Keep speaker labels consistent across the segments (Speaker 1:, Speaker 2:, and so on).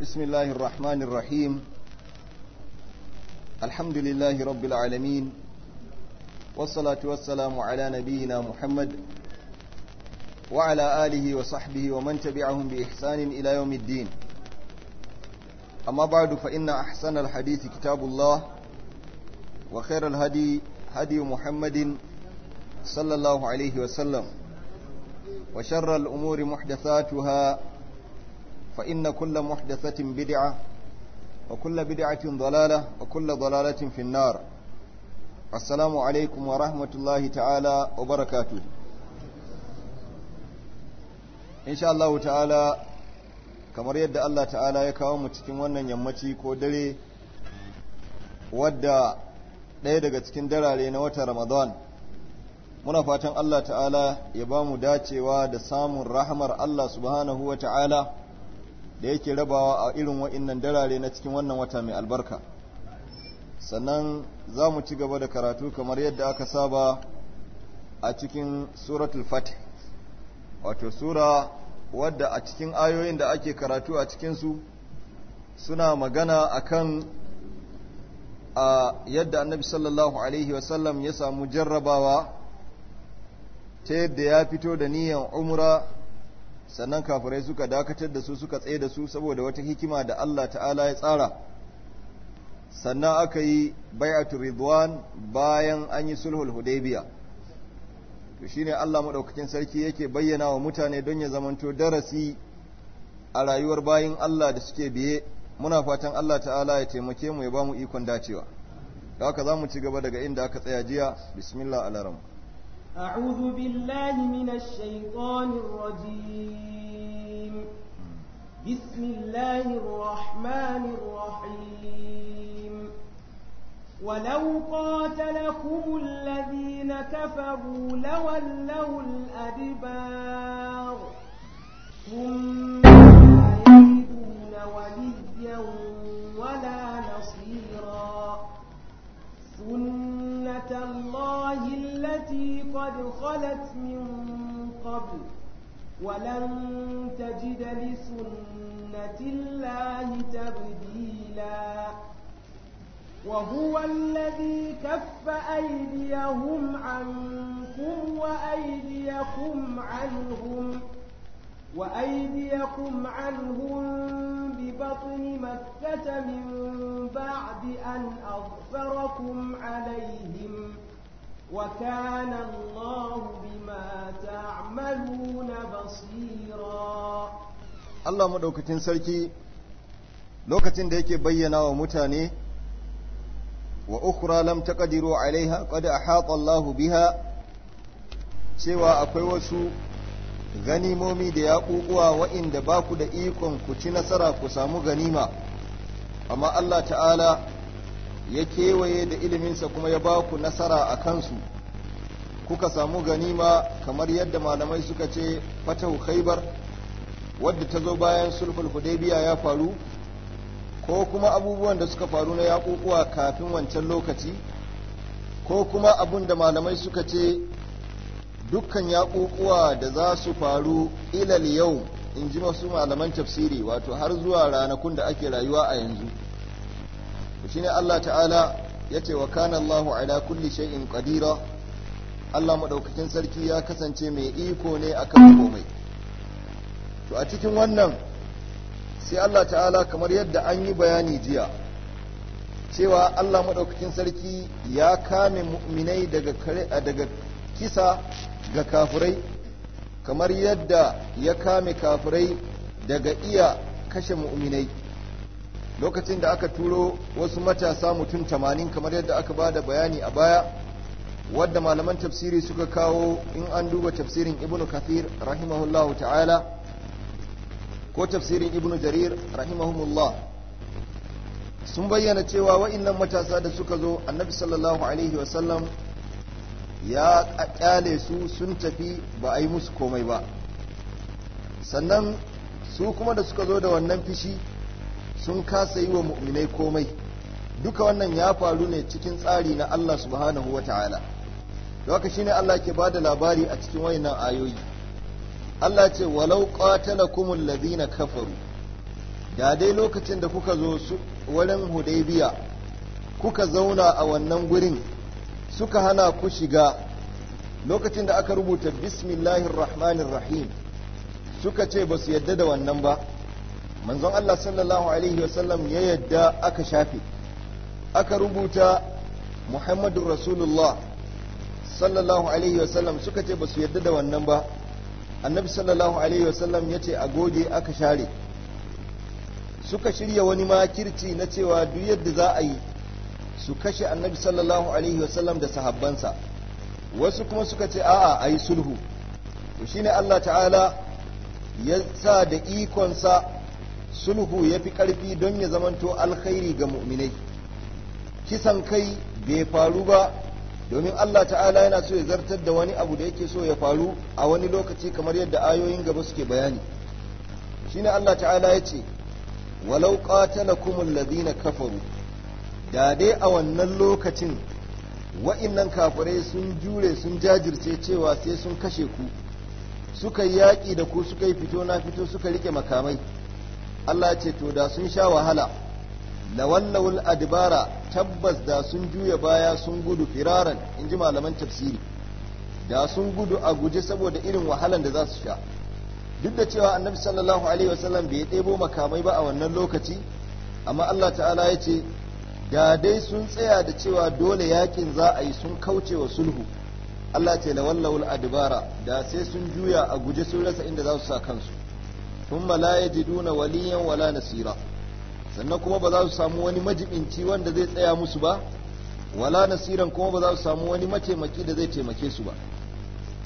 Speaker 1: بسم الله الرحمن الرحيم الحمد لله رب العالمين والصلاة والسلام على نبينا محمد وعلى آله وصحبه ومن تبعهم بإحسان إلى يوم الدين أما بعد فإن أحسن الحديث كتاب الله وخير الهدي هدي محمد صلى الله عليه وسلم وشر الأمور محدثاتها فإن كل محدثة بدعة وكل بدعة ضلالة وكل ضلالة في النار السلام عليكم ورحمة الله تعالى وبركاته إن شاء الله تعالى kamar yadda Allah ta'ala ya kawo mu cikin wannan yammaci ko dare wadda ɗaya daga cikin darare na watan Ramadan muna fatan Allah ta'ala ya ba mu dacewa da samun rahamar Allah subhanahu wa ta'ala da yake rabawa a irin wa'innan darare na cikin wannan wata mai albarka sannan za mu ci gaba da karatu kamar yadda aka saba a cikin suratul fatih wato sura wadda a cikin ayoyin da ake karatu a cikinsu suna magana akan a yadda annabi sallallahu alaihi wasallam ya samu jarrabawa ta yadda ya fito da niyan umra sannan kafirai suka dakatar da su suka tsaye da su saboda wata hikima da Allah ta'ala ya tsara sannan aka yi bai'atu ridwan bayan an yi sulhul hudaybiya to shine Allah madaukakin sarki yake bayyana wa mutane don ya zamanto darasi a rayuwar bayin Allah da suke biye muna fatan Allah ta'ala ya taimake mu ya ba mu ikon dacewa da haka za mu ci gaba daga inda aka tsaya jiya bismillah alaram
Speaker 2: أعوذ بالله من الشيطان الرجيم بسم الله الرحمن الرحيم ولو قاتلكم الذين كفروا لولوا الأدبار ثم لا يجدون وليا ولا نصيرا سنة الله التي قد خلت من قبل ولن تجد لسنة الله تبديلا وهو الذي كف أيديهم عنكم وأيديكم عنهم وأيديكم عنهم ببطن مكة من بعد أن أظفركم عليهم وكان الله بما تعملون بصيرا
Speaker 1: الله مدوكتين سلكي lokacin da yake bayyana wa mutane wa ukhra lam taqdiru alaiha qad ahata Allah biha cewa akwai wasu ganimomi da yaƙuƙuwa wa'inda ba ku da ikon ku ci nasara ku samu ganima amma Allah ta'ala ya kewaye da iliminsa kuma ya ba ku nasara a kansu kuka samu ganima kamar yadda malamai suka ce fatahu khaibar wadda ta zo bayan sulhul hudaybiya ya faru ko kuma abubuwan da suka faru na yaƙuƙuwa kafin wancan lokaci ko kuma abun da malamai suka ce dukkan yaƙuƙuwa da za su faru ilal yau in ji masu malaman tafsiri wato har zuwa ranakun da ake rayuwa a yanzu shi ne Allah ta'ala ya ce wa kana Allahu ala kulli shay'in ƙadira Allah Maɗaukakin sarki ya kasance mai iko ne a kan komai to a cikin wannan sai Allah ta'ala kamar yadda an yi bayani jiya cewa Allah Maɗaukakin sarki ya kame mu'minai daga kisa ga kafirai kamar yadda ya kame kafirai daga iya kashe mu'minai lokacin da aka turo wasu matasa mutum tamanin kamar yadda aka ba da bayani a baya wadda malaman tafsiri suka kawo in an duba tafsirin ibnu kathir rahimahullahu ta'ala ko tafsirin ibnu jarir rahimahumullah sun bayyana cewa waɗannan matasa da suka zo annabi sallallahu alaihi wasallam ya kyale su sun tafi ba a yi musu komai ba sannan su kuma da suka zo da wannan fishi sun kasa yi wa mu'minai komai duka wannan ya faru ne cikin tsari na Allah subhanahu wa ta'ala da haka shine Allah ke ba da labari a cikin wayannan ayoyi Allah ce walau qatalakumul ladina kafaru da dai lokacin da kuka zo su wurin hudaybiya kuka zauna a wannan gurin suka hana ku shiga lokacin da aka rubuta bismillahir rahmanir rahim suka ce ba su yadda da wannan ba manzon Allah sallallahu alaihi wasallam ya yadda aka shafe aka rubuta muhammadun rasulullah sallallahu alaihi wasallam suka ce ba su yadda da wannan ba annabi sallallahu alaihi wasallam ya ce a goge aka share suka shirya wani makirci na cewa duk yadda za a yi su kashe annabi sallallahu alaihi wasallam da sahabbansa wasu kuma suka ce a'a a yi sulhu to shine Allah ta'ala ya sa da ikonsa sulhu ya fi ƙarfi don ya zamanto alkhairi ga mu'minai kisan kai bai faru ba domin Allah ta'ala yana so ya zartar da wani abu da yake so ya faru a wani lokaci kamar yadda ayoyin gaba suke bayani shine Allah ta'ala ya ce walau qatalakumul ladina kafaru da dai a wannan lokacin wa'innan kafirai sun jure sun jajirce cewa sai sun kashe ku suka yi yaƙi da ku suka yi fito na fito suka rike makamai Allah ce to da sun sha wahala lawallawul adibara tabbas da sun juya baya sun gudu firaran in ji malaman tafsiri da sun gudu a guje saboda irin wahalan da za su sha duk da cewa annabi sallallahu alaihi wasallam bai ɗebo makamai ba a wannan lokaci amma Allah ta'ala ya ce da dai sun tsaya da cewa dole yakin za a yi sun kauce wa sulhu Allah ce la wallawul adbara da sai sun juya a guje sun rasa inda za su sa kansu sun la yajiduna waliyan wala nasira sannan kuma ba za su samu wani majibinci wanda zai tsaya musu ba wala nasiran kuma ba za su samu wani mataimaki da zai taimake su ba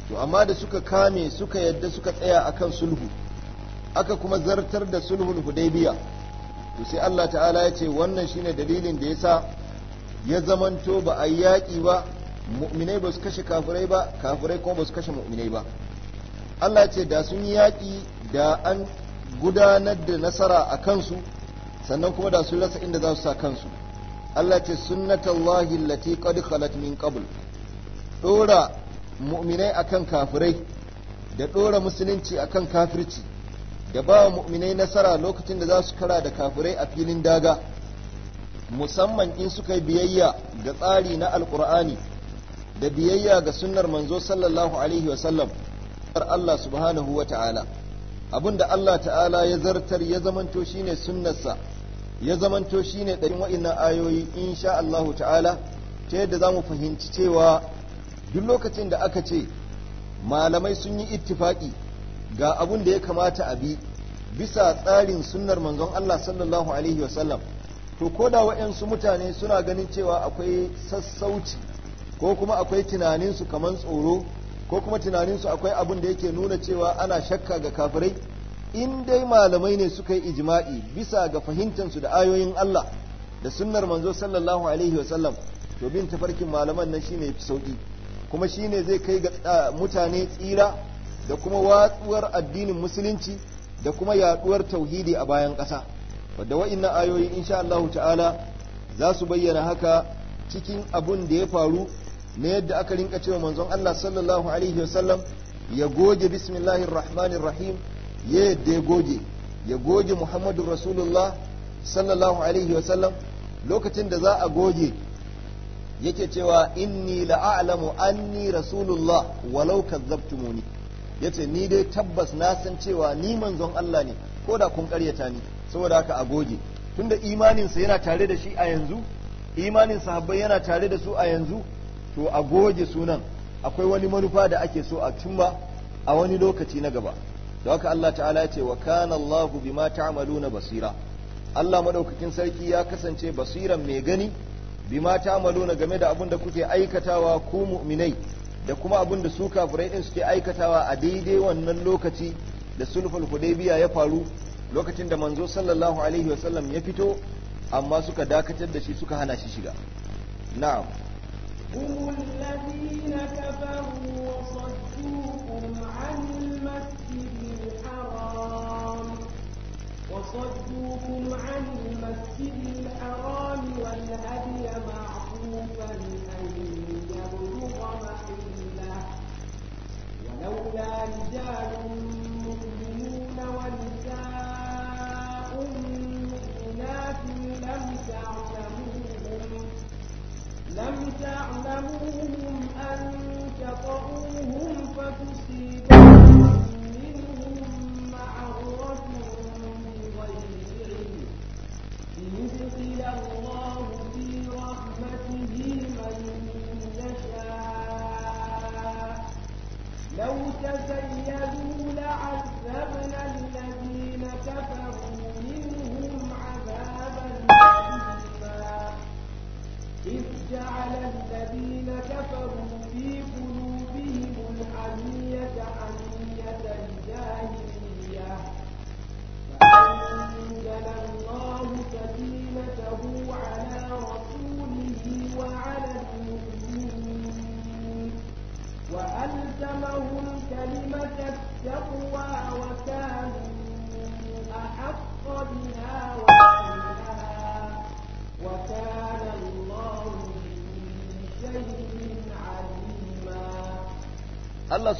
Speaker 1: to amma da suka kame suka yadda suka tsaya akan sulhu aka kuma zartar da sulhul hudaybiya to sai Allah ta'ala ya ce wannan shine dalilin da ya sa ya zamanto ba a yi yaƙi ba mu'minai ba su kashe kafirai ba kafirai kuma ba su kashe mu'minai ba Allah ce da sun yi yaƙi da an gudanar da nasara a kansu sannan kuma da sun rasa inda za su sa kansu Allah ce sunnatallahi allati qad khalat min qabl dora mu'minai akan kafirai da ɗora musulunci akan kafirci ya ba wa mu'minai nasara lokacin da za su kara da kafirai a filin daga musamman in suka yi biyayya ga tsari na alkur'ani da biyayya ga sunnar manzo sallallahu alaihi wasallam Allah subhanahu wa ta'ala abinda Allah ta'ala ya zartar ya zamanto shine sunnarsa ya zamanto shine ɗarin wa'innan ayoyi insha Allah ta'ala ta yadda zamu fahimci cewa duk lokacin da aka ce malamai sun yi ittifaki ga abun da ya kamata a bi bisa tsarin sunnar manzon Allah sallallahu alaihi wasallam to ko da waɗansu mutane suna ganin cewa akwai sassauci ko kuma akwai tunaninsu kamar tsoro ko kuma tunaninsu akwai abun da yake nuna cewa ana shakka ga kafirai in dai malamai ne suka yi ijma'i bisa ga fahimtansu da ayoyin Allah da sunnar manzo sallallahu alaihi wasallam to bin tafarkin malaman nan shine fi sauki kuma shine zai kai ga mutane tsira da kuma watsuwar addinin musulunci da kuma yaduwar tauhidi a bayan ƙasa wadda wa'innan ayoyi insha Allah ta'ala za su bayyana haka cikin abun da ya faru na yadda aka rinka cewa manzon Allah sallallahu alaihi wasallam ya goge bismillahir rahmanir rahim ya yadda ya goge ya goge muhammadur rasulullah sallallahu alaihi wasallam lokacin da za a goge yake cewa inni la'alamu anni rasulullah walau kazzabtumuni yace ni dai tabbas na san cewa ni manzon Allah ne ko da kun karyata ni saboda haka a goge tunda imaninsa yana tare da shi a yanzu imanin sahabbai yana tare da su a yanzu to a goge sunan akwai wani manufa da ake so a cimma a wani lokaci na gaba da haka Allah ta'ala ya ce wa kana Allahu bima ta'maluna basira Allah madaukakin sarki ya kasance basiran mai gani bima ta'maluna game da abin da kuke aikatawa ku mu'minai da kuma abin da su kafirai din suke aikatawa a daidai wannan lokaci da sulhul hudaybiya ya faru lokacin da manzo sallallahu alaihi wa sallam ya fito amma suka dakatar da shi suka hana shi shiga na'am هم
Speaker 2: الذين كفروا وصدوكم عن المسجد الحرام وصدوكم عن المسجد تعلموهم أن تطعوهم فتسلموا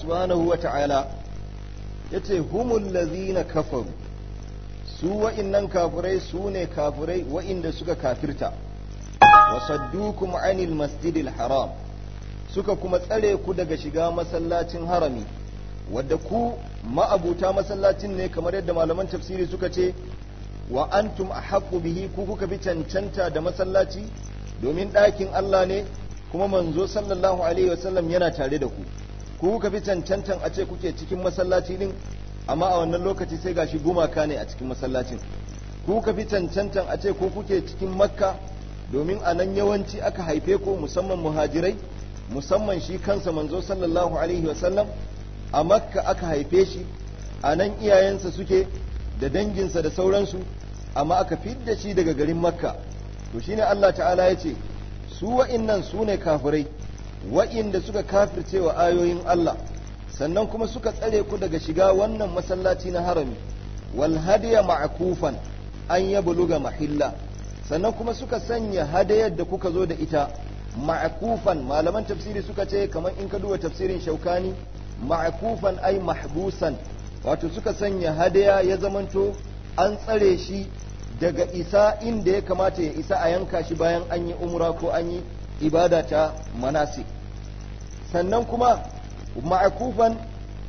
Speaker 1: subhanahu wa ta'ala yace humul na kafaru su wa'innan kafurai su ne kafirai wa'inda suka kafirta wa saddukum anil masjidil haram suka kuma tsare ku daga shiga masallacin harami wadda ku ma'abuta masallacin ne kamar yadda malaman tafsiri suka ce wa antum ahaqqu bihi ku kuka fi cancanta da masallaci domin ɗakin Allah ne kuma manzo sallallahu alaihi wasallam yana tare da ku ku kuka fi cancantan a ce kuke cikin masallaci din amma a wannan lokaci sai gashi gumaka ne a cikin masallacin ku kuka fi cancantan a ce ku kuke cikin makka domin a nan yawanci aka haife ku musamman muhajirai musamman shi kansa manzo sallallahu alaihi wasallam a makka aka haife shi a nan iyayensa suke da danginsa da sauransu amma aka fidda shi daga garin makka to shine Allah ta'ala ya ce su wa'innan su ne kafirai wa'inda suka kafirce wa ayoyin Allah sannan kuma suka tsare ku daga shiga wannan masallaci na harami wal hadiya ma'kufan an ya buluga mahilla sannan kuma suka sanya hadayar da kuka zo da ita ma'kufan malaman tafsiri suka ce kamar in ka duba tafsirin shaukani ma'kufan ai mahbusan wato suka sanya hadaya ya zamanto an tsare shi daga isa inda ya kamata ya isa a yanka shi bayan an yi umra ko an yi ibada ta manasik sannan kuma ma'akufan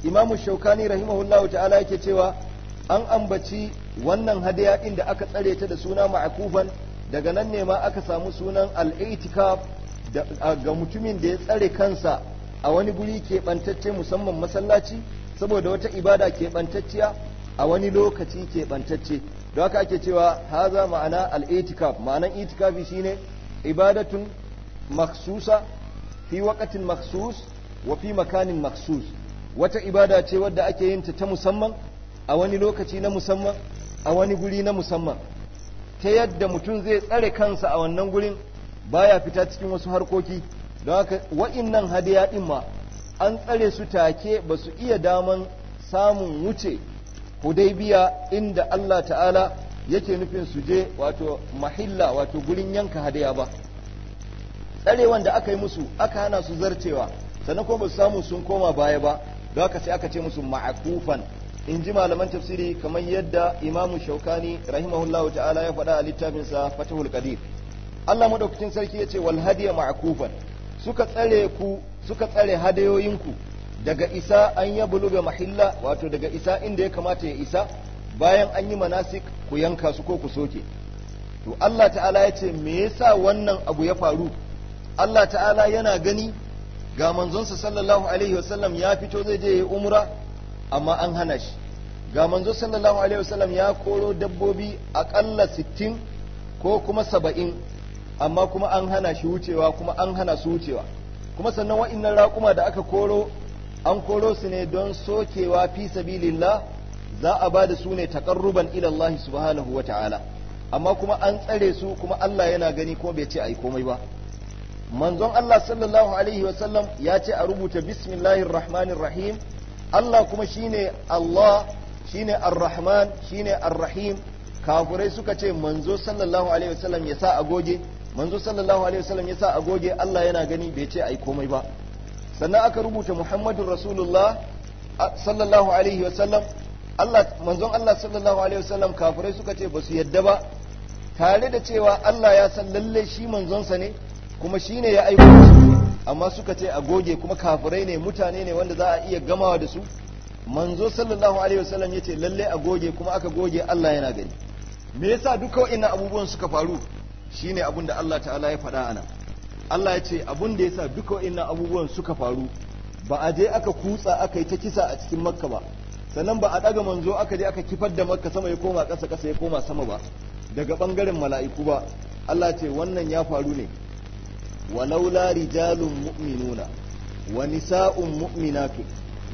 Speaker 1: imamu shaukani rahimahullahu ta'ala yake cewa an ambaci wannan hadaya inda aka tsare ta da suna ma'akufan daga nan ne ma aka samu sunan al'itikaf ga mutumin da ya tsare kansa a wani guri keɓantacce musamman masallaci saboda wata ibada keɓantacciya a wani lokaci keɓantacce don haka ake cewa haza ma'ana al'itikaf ma'anan itikafi shine ibadatun maksusa fi waqatin maksus wa fi makanin maksus wata ibada ce wadda ake yin ta ta musamman a wani lokaci na musamman a wani guri na musamman ta yadda mutum zai tsare kansa a wannan gurin baya fita cikin wasu harkoki don haka wa'innan hadiya din ma an tsare su take ba su iya daman samun wuce hudaibiya inda Allah ta'ala yake nufin su je wato mahilla wato gurin yanka hadiya ba tsarewan da aka yi musu aka hana su zarcewa sannan kuma su samu sun koma baya ba da haka sai aka ce musu ma'akufan in ji malaman tafsiri kamar yadda imamu shaukani rahimahullahu ta'ala ya faɗa a littafinsa fatahul qadir Allah madaukakin sarki ya ce wal hadiya ma'akufan suka tsare ku suka tsare hadayoyinku daga isa an ya buluga mahilla wato daga isa inda ya kamata ya isa bayan an yi manasik ku yanka su ko ku soke to Allah ta'ala ya ce me yasa wannan abu ya faru Allah ta'ala yana gani ga manzonsa sallallahu alaihi wasallam ya fito zai je ya umra amma an hana shi ga manzo sallallahu alaihi wasallam ya koro dabbobi akalla sittin ko kuma saba'in amma kuma an hana shi wucewa kuma an hana su wucewa kuma sannan wa'innan raƙuma da aka koro an koro su ne don sokewa fi sabilillah za a ba da su ne takarruban ilallahi subhanahu wa ta'ala amma kuma an tsare su kuma Allah yana gani ko bai ce a yi komai ba manzon Allah sallallahu alaihi wasallam ya ce a rubuta bismillahir rahmanir rahim Allah kuma shine Allah shine ar-rahman shine ar-rahim kafurai suka ce manzo sallallahu alaihi wasallam ya sa agoge manzo sallallahu alaihi wasallam ya sa agoge Allah yana gani bai ce ai komai ba sannan aka rubuta muhammadun rasulullah sallallahu alaihi wasallam Allah manzon Allah sallallahu alaihi wasallam kafirai suka ce ba su yadda ba tare da cewa Allah ya san lalle shi manzonsa ne kuma shi ne ya aiko su amma suka ce a goge kuma kafirai ne mutane ne wanda za a iya gamawa da su manzo sallallahu alaihi wasallam ce lalle a goge kuma aka goge Allah yana gani me yasa duka wa'annan abubuwan suka faru shi ne abin da Allah ta'ala ya faɗa ana Allah ya ce abin da yasa duka wa'annan abubuwan suka faru ba a je aka kutsa aka yi ta kisa a cikin makka ba sannan ba a ɗaga manzo aka je aka kifar da makka sama ya koma ƙasa ƙasa ya koma sama ba daga ɓangaren mala'iku ba Allah ce wannan ya faru ne ولولا رجال مؤمنون ونساء مؤمنات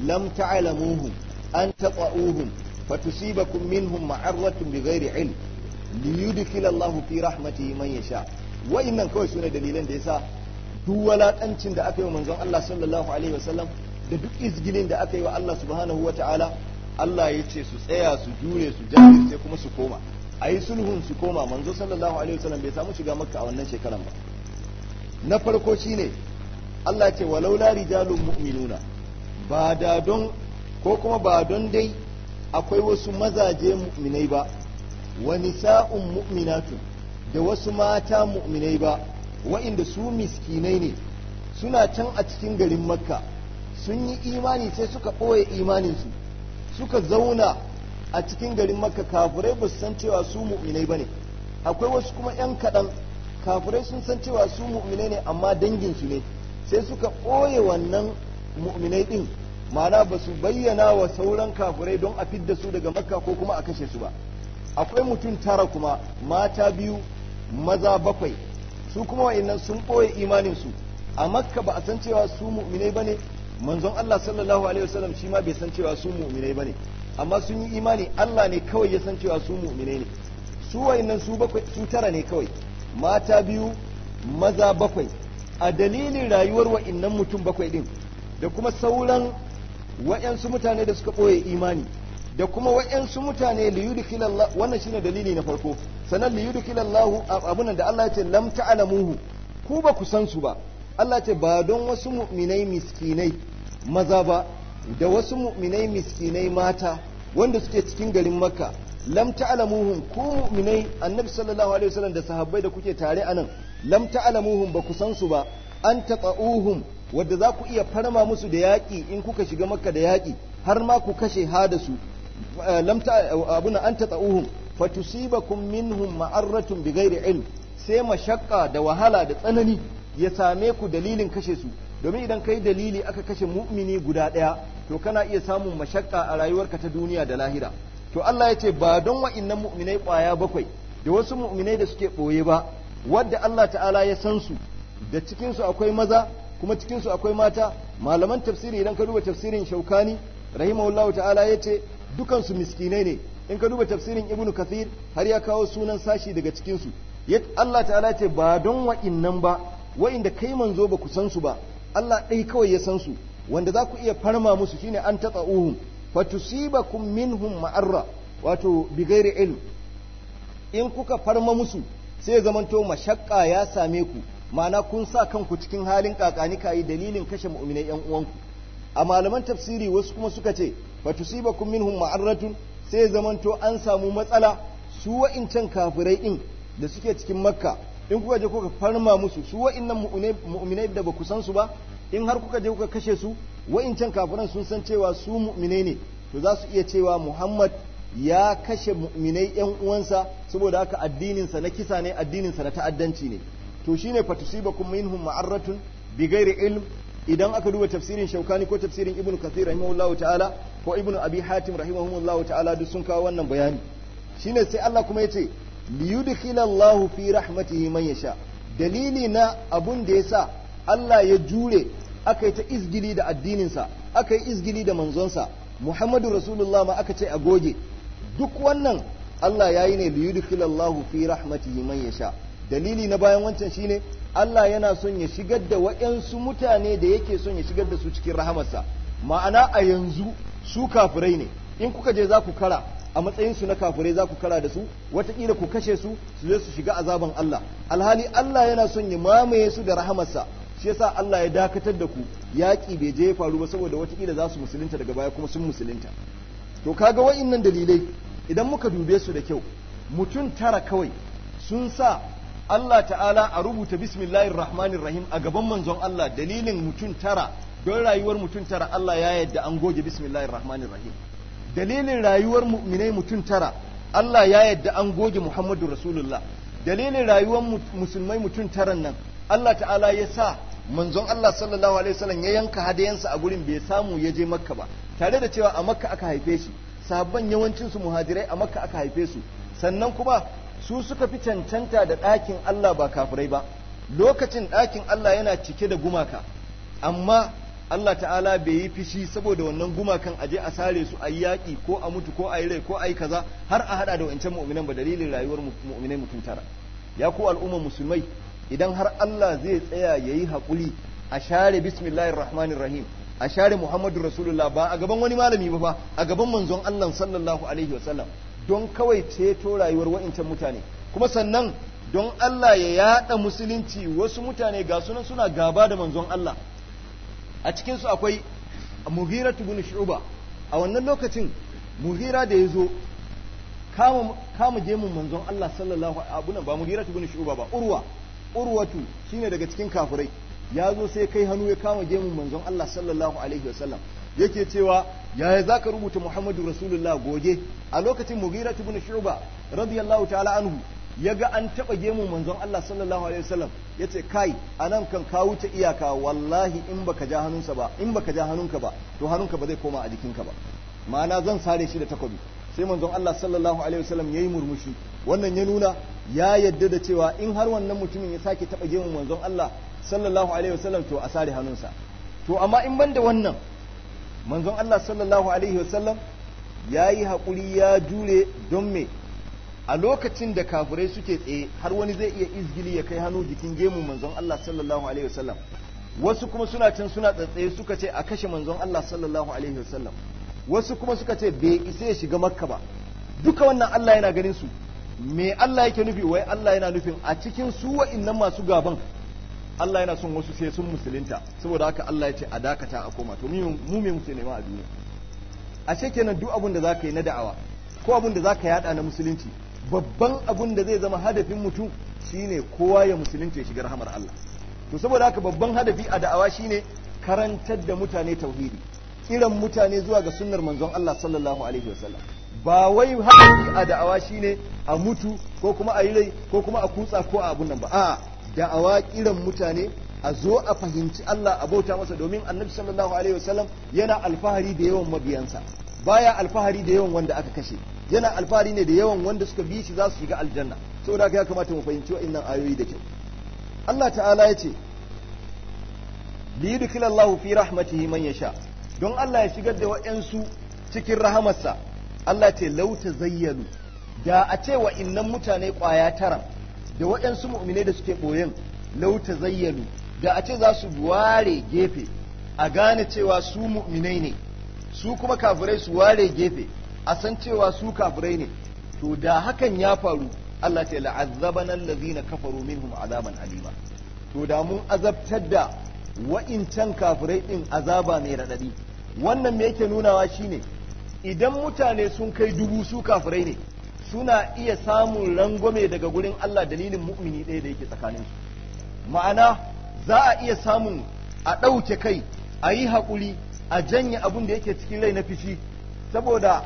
Speaker 1: لم تعلموهم أن تطعوهم فتصيبكم منهم معرة بغير علم ليدخل الله في رحمته من يشاء وإن كوي سنة دليلين ديسا دولا أنتم دا أكي ومن الله صلى الله عليه وسلم da duk izgilin da aka yi wa Allah subhanahu wa ta'ala Allah ya ce su tsaya jure su jajirce kuma su koma a yi sulhun su koma manzo sallallahu alaihi samu shiga maka a wannan shekaran ba na farko shine Allah ce walaula rijalun mu'minuna ba da don ko kuma ba don dai akwai wasu mazaje mu'minai ba wa nisa'un mu'minatun da wasu mata mu'minai ba wa'inda su miskinai ne suna can a cikin garin makka sun yi imani sai suka ɓoye imaninsu suka zauna a cikin garin makka kafirai ba su san cewa su mu'minai ba ne akwai wasu kuma 'yan kaɗan kafirai sun san cewa su mu'minai ne amma dangin su ne sai suka ɓoye wannan mu'minai ɗin ma'ana ba su bayyana wa sauran kafirai don a fidda su daga makka ko kuma a kashe su ba akwai mutum tara kuma mata biyu maza bakwai su kuma wa'annan sun ɓoye imaninsu a makka ba a san cewa su mu'minai ne manzon Allah sallallahu alaihi wasallam shi ma bai san cewa su mu'minai ne amma sun yi imani Allah ne kawai ya san cewa su mu'minai ne su wa'annan su su tara ne kawai mata biyu maza bakwai a dalilin rayuwar wa'innan mutum bakwai din da kuma sauran wa'yansu mutane da suka ɓoye imani da kuma wa'yansu mutane liyudkhilallahu wannan shine dalili na farko sanan liyudkhilallahu abunan da Allah ya ce lam ta'lamuhu ku ba ku san su ba Allah ce ba don wasu mu'minai miskinai maza ba da wasu mu'minai miskinai mata wanda suke cikin garin Makka lam ta'lamuhum ku mu'minai annabi sallallahu alaihi wasallam da sahabbai da kuke tare anan lam ta'lamuhum ba ku san su ba an taqauhum wadda za ku iya farma musu da yaƙi in kuka shiga makka da yaƙi har ma ku kashe ha da su lam ta abuna an taqauhum fatusibakum minhum ma'arratun bighairi ilm sai mashakka da wahala da tsanani ya same ku dalilin kashe su domin idan kai dalili aka kashe mu'mini guda daya to kana iya samun mashakka a rayuwarka ta duniya da lahira to Allah ya ce ba don wa'innan mu'minai ƙwaya bakwai da wasu mu'minai da suke ɓoye ba wadda Allah ta'ala ya san su da cikinsu akwai maza kuma cikinsu akwai mata malaman tafsiri idan ka duba tafsirin shaukani rahimahullahu ta'ala ya ce dukansu miskinai ne in ka duba tafsirin ibnu kathir har ya kawo sunan sashi daga cikinsu Allah ta'ala ce ba don wa'innan ba wa'inda kai manzo ba ku san su ba Allah ɗai kawai ya san su wanda za ku iya farma musu shine an tatsa uhun fatusibakum minhum ma'arra wato gairi ilm in kuka farma musu sai zamanto mashakka ya same ku ma'ana kun sa kanku cikin halin kakani kai dalilin kashe mu'minai yan uwanku a malaman tafsiri wasu kuma suka ce fatusibakum minhum ma'arratun sai zamanto an samu matsala su wa'incan kafirai din da suke cikin makka in kuka je kuka farma musu su wa'innan mu'minai da ba ku san su ba in har kuka je kuka kashe su wa'incan kafiran sun san cewa su mu'minai ne to za su iya cewa Muhammad ya kashe mu'minai yan uwansa saboda haka addininsa na kisa ne addininsa na ta'addanci ne to shine kum minhum ma'arratun bi ghairi ilm idan aka duba tafsirin shaukani ko tafsirin ibnu kathir rahimahullahu ta'ala ko ibnu abi hatim rahimahullahu ta'ala duk sun kawo wannan bayani shine sai Allah kuma yace Allahu fi rahmatihi man yasha dalili na abun da yasa Allah ya jure aka yi ta izgili da addininsa aka yi izgili da manzonsa muhammadu rasulullah ma aka ce a goge duk wannan Allah ya yi ne da filallahu fi rahmatihi man sha. dalili na bayan wancan shine Allah yana son ya shigar da waɗansu mutane da yake son ya shigar da su cikin rahamarsa ma'ana a yanzu su kafirai ne in kuka je za ku kara a matsayin su na kafirai za ku kara da su watakila ku kashe su su je su shiga azaban Allah alhali Allah yana son ya mamaye su da rahamarsa shi yasa Allah ya dakatar da ku yaki bai je ya faru ba saboda watakila za su musulunta daga baya kuma sun musulunta to kaga nan dalilai idan muka dube su da kyau mutun tara kawai sun sa Allah ta'ala a rubuta bismillahir rahmanir rahim a gaban manzon Allah dalilin mutun tara don rayuwar mutun tara Allah ya yadda an goge bismillahir rahmanir rahim dalilin rayuwar mu'minai mutun tara Allah ya yadda an goge Muhammadu Rasulullah dalilin rayuwar musulmai mutun taran nan Allah ta'ala ya sa manzon Allah sallallahu alaihi wasallam ya yanka hadayansa a gurin bai samu ya je makka ba tare da cewa a makka aka haife shi sahabban yawancin su muhajirai a makka aka haife su sannan kuma su suka fi cancanta da ɗakin Allah ba kafirai ba lokacin ɗakin Allah yana cike da gumaka amma Allah ta'ala bai yi fishi saboda wannan gumakan aje a sare su a yi yaƙi ko a mutu ko a yi rai ko a yi kaza har a haɗa da wancan mu'minan ba dalilin rayuwar mu'minai mutum tara ya ku al'umma musulmai idan har Allah zai tsaya ya yi hakuri a share bismillahir rahmanir rahim a share muhammadu rasulullah ba a gaban wani malami ba ba a gaban manzon Allah sallallahu alaihi wasallam don kawai ceto rayuwar wa'incan mutane kuma sannan don Allah ya yada musulunci wasu mutane ga sunan suna gaba da manzon Allah a cikin su akwai Mughira ibn Shu'ba a wannan lokacin Mughira da yazo kama kama gemun manzon Allah sallallahu alaihi wasallam ba Mughira ibn Shu'ba ba Urwa urwatu shine daga cikin kafirai ya zo sai kai hannu ya kama gemun manzon Allah sallallahu alaihi wasallam yake cewa yaya za ka rubuta Muhammadu Rasulullah goge a lokacin Mughira ibn Shu'ba radiyallahu ta'ala anhu ya ga an taɓa gemun manzon Allah sallallahu alaihi wasallam ya ce kai anan kan ka wuce iyaka wallahi in baka ja hannunsa ba in baka ja hannunka ba to hannunka ba zai koma a jikinka ba ma'ana zan sare shi da takobi sai manzon Allah sallallahu alaihi wasallam yayi murmushi wannan ya nuna ya yadda da cewa in har wannan mutumin ya sake taba gemun manzon Allah sallallahu alaihi wasallam to a sare hannunsa to amma in ban da wannan manzon Allah sallallahu alaihi wasallam ya yi haƙuri ya jure don me a lokacin da kafirai suke tsaye har wani zai iya izgili ya kai hannu jikin gemun manzon Allah sallallahu alaihi wasallam wasu kuma suna can suna tsatsaye suka ce a kashe manzon Allah sallallahu alaihi wasallam wasu kuma suka ce bai isa ya shiga makka ba duka wannan Allah yana ganin su me Allah yake nufi wai Allah yana nufin a cikin su wa'annan masu gaban Allah yana son wasu sai sun musulunta saboda haka Allah ya ce a dakata a koma to mu me muke nema a duniya ashe kenan duk abin da zaka yi na da'awa ko abin da zaka yada na musulunci babban abin da zai zama hadafin mutum shine kowa ya musulunta ya shiga rahamar Allah to saboda haka babban hadafi a da'awa shine karantar da mutane tauhidi kiran mutane zuwa ga sunnar manzon Allah sallallahu alaihi wasallam ba wai haɗari a da'awa shine a mutu ko kuma a yi rai ko kuma a kutsa ko a abun nan ba a da'awa kiran mutane a zo a fahimci Allah a bauta masa domin annabi sallallahu alaihi wasallam yana alfahari da yawan mabiyansa baya alfahari da yawan wanda aka kashe yana alfahari ne da yawan wanda suka bi shi za su shiga aljanna saboda haka ya kamata mu fahimci wa'annan ayoyi da kyau Allah ta'ala ya ce liyudkhilallahu fi rahmatihi man sha. don Allah ya shigar da wa'yansu cikin rahamarsa Allah ce lauta zayyalu da a ce wa innan mutane kwaya tara da wayansu mu'minai da suke ɓoyen lauta zayyalu da a ce za su ware gefe a gane cewa su mu'minai ne su kuma kafirai su ware gefe a san cewa su kafirai ne to da hakan ya faru Allah ce la'azzabana allazina kafaru minhum azaban alima to da mun azabtar da wa'incan kafirai din azaba mai radadi wannan me yake nunawa shine idan mutane sun kai dubu su kafirai ne suna iya samun rangwame daga gurin Allah dalilin mu'mini ɗaya da yake tsakanin su ma'ana za a iya samun a ɗauke kai a yi haƙuri a janye abin da yake cikin rai na fishi saboda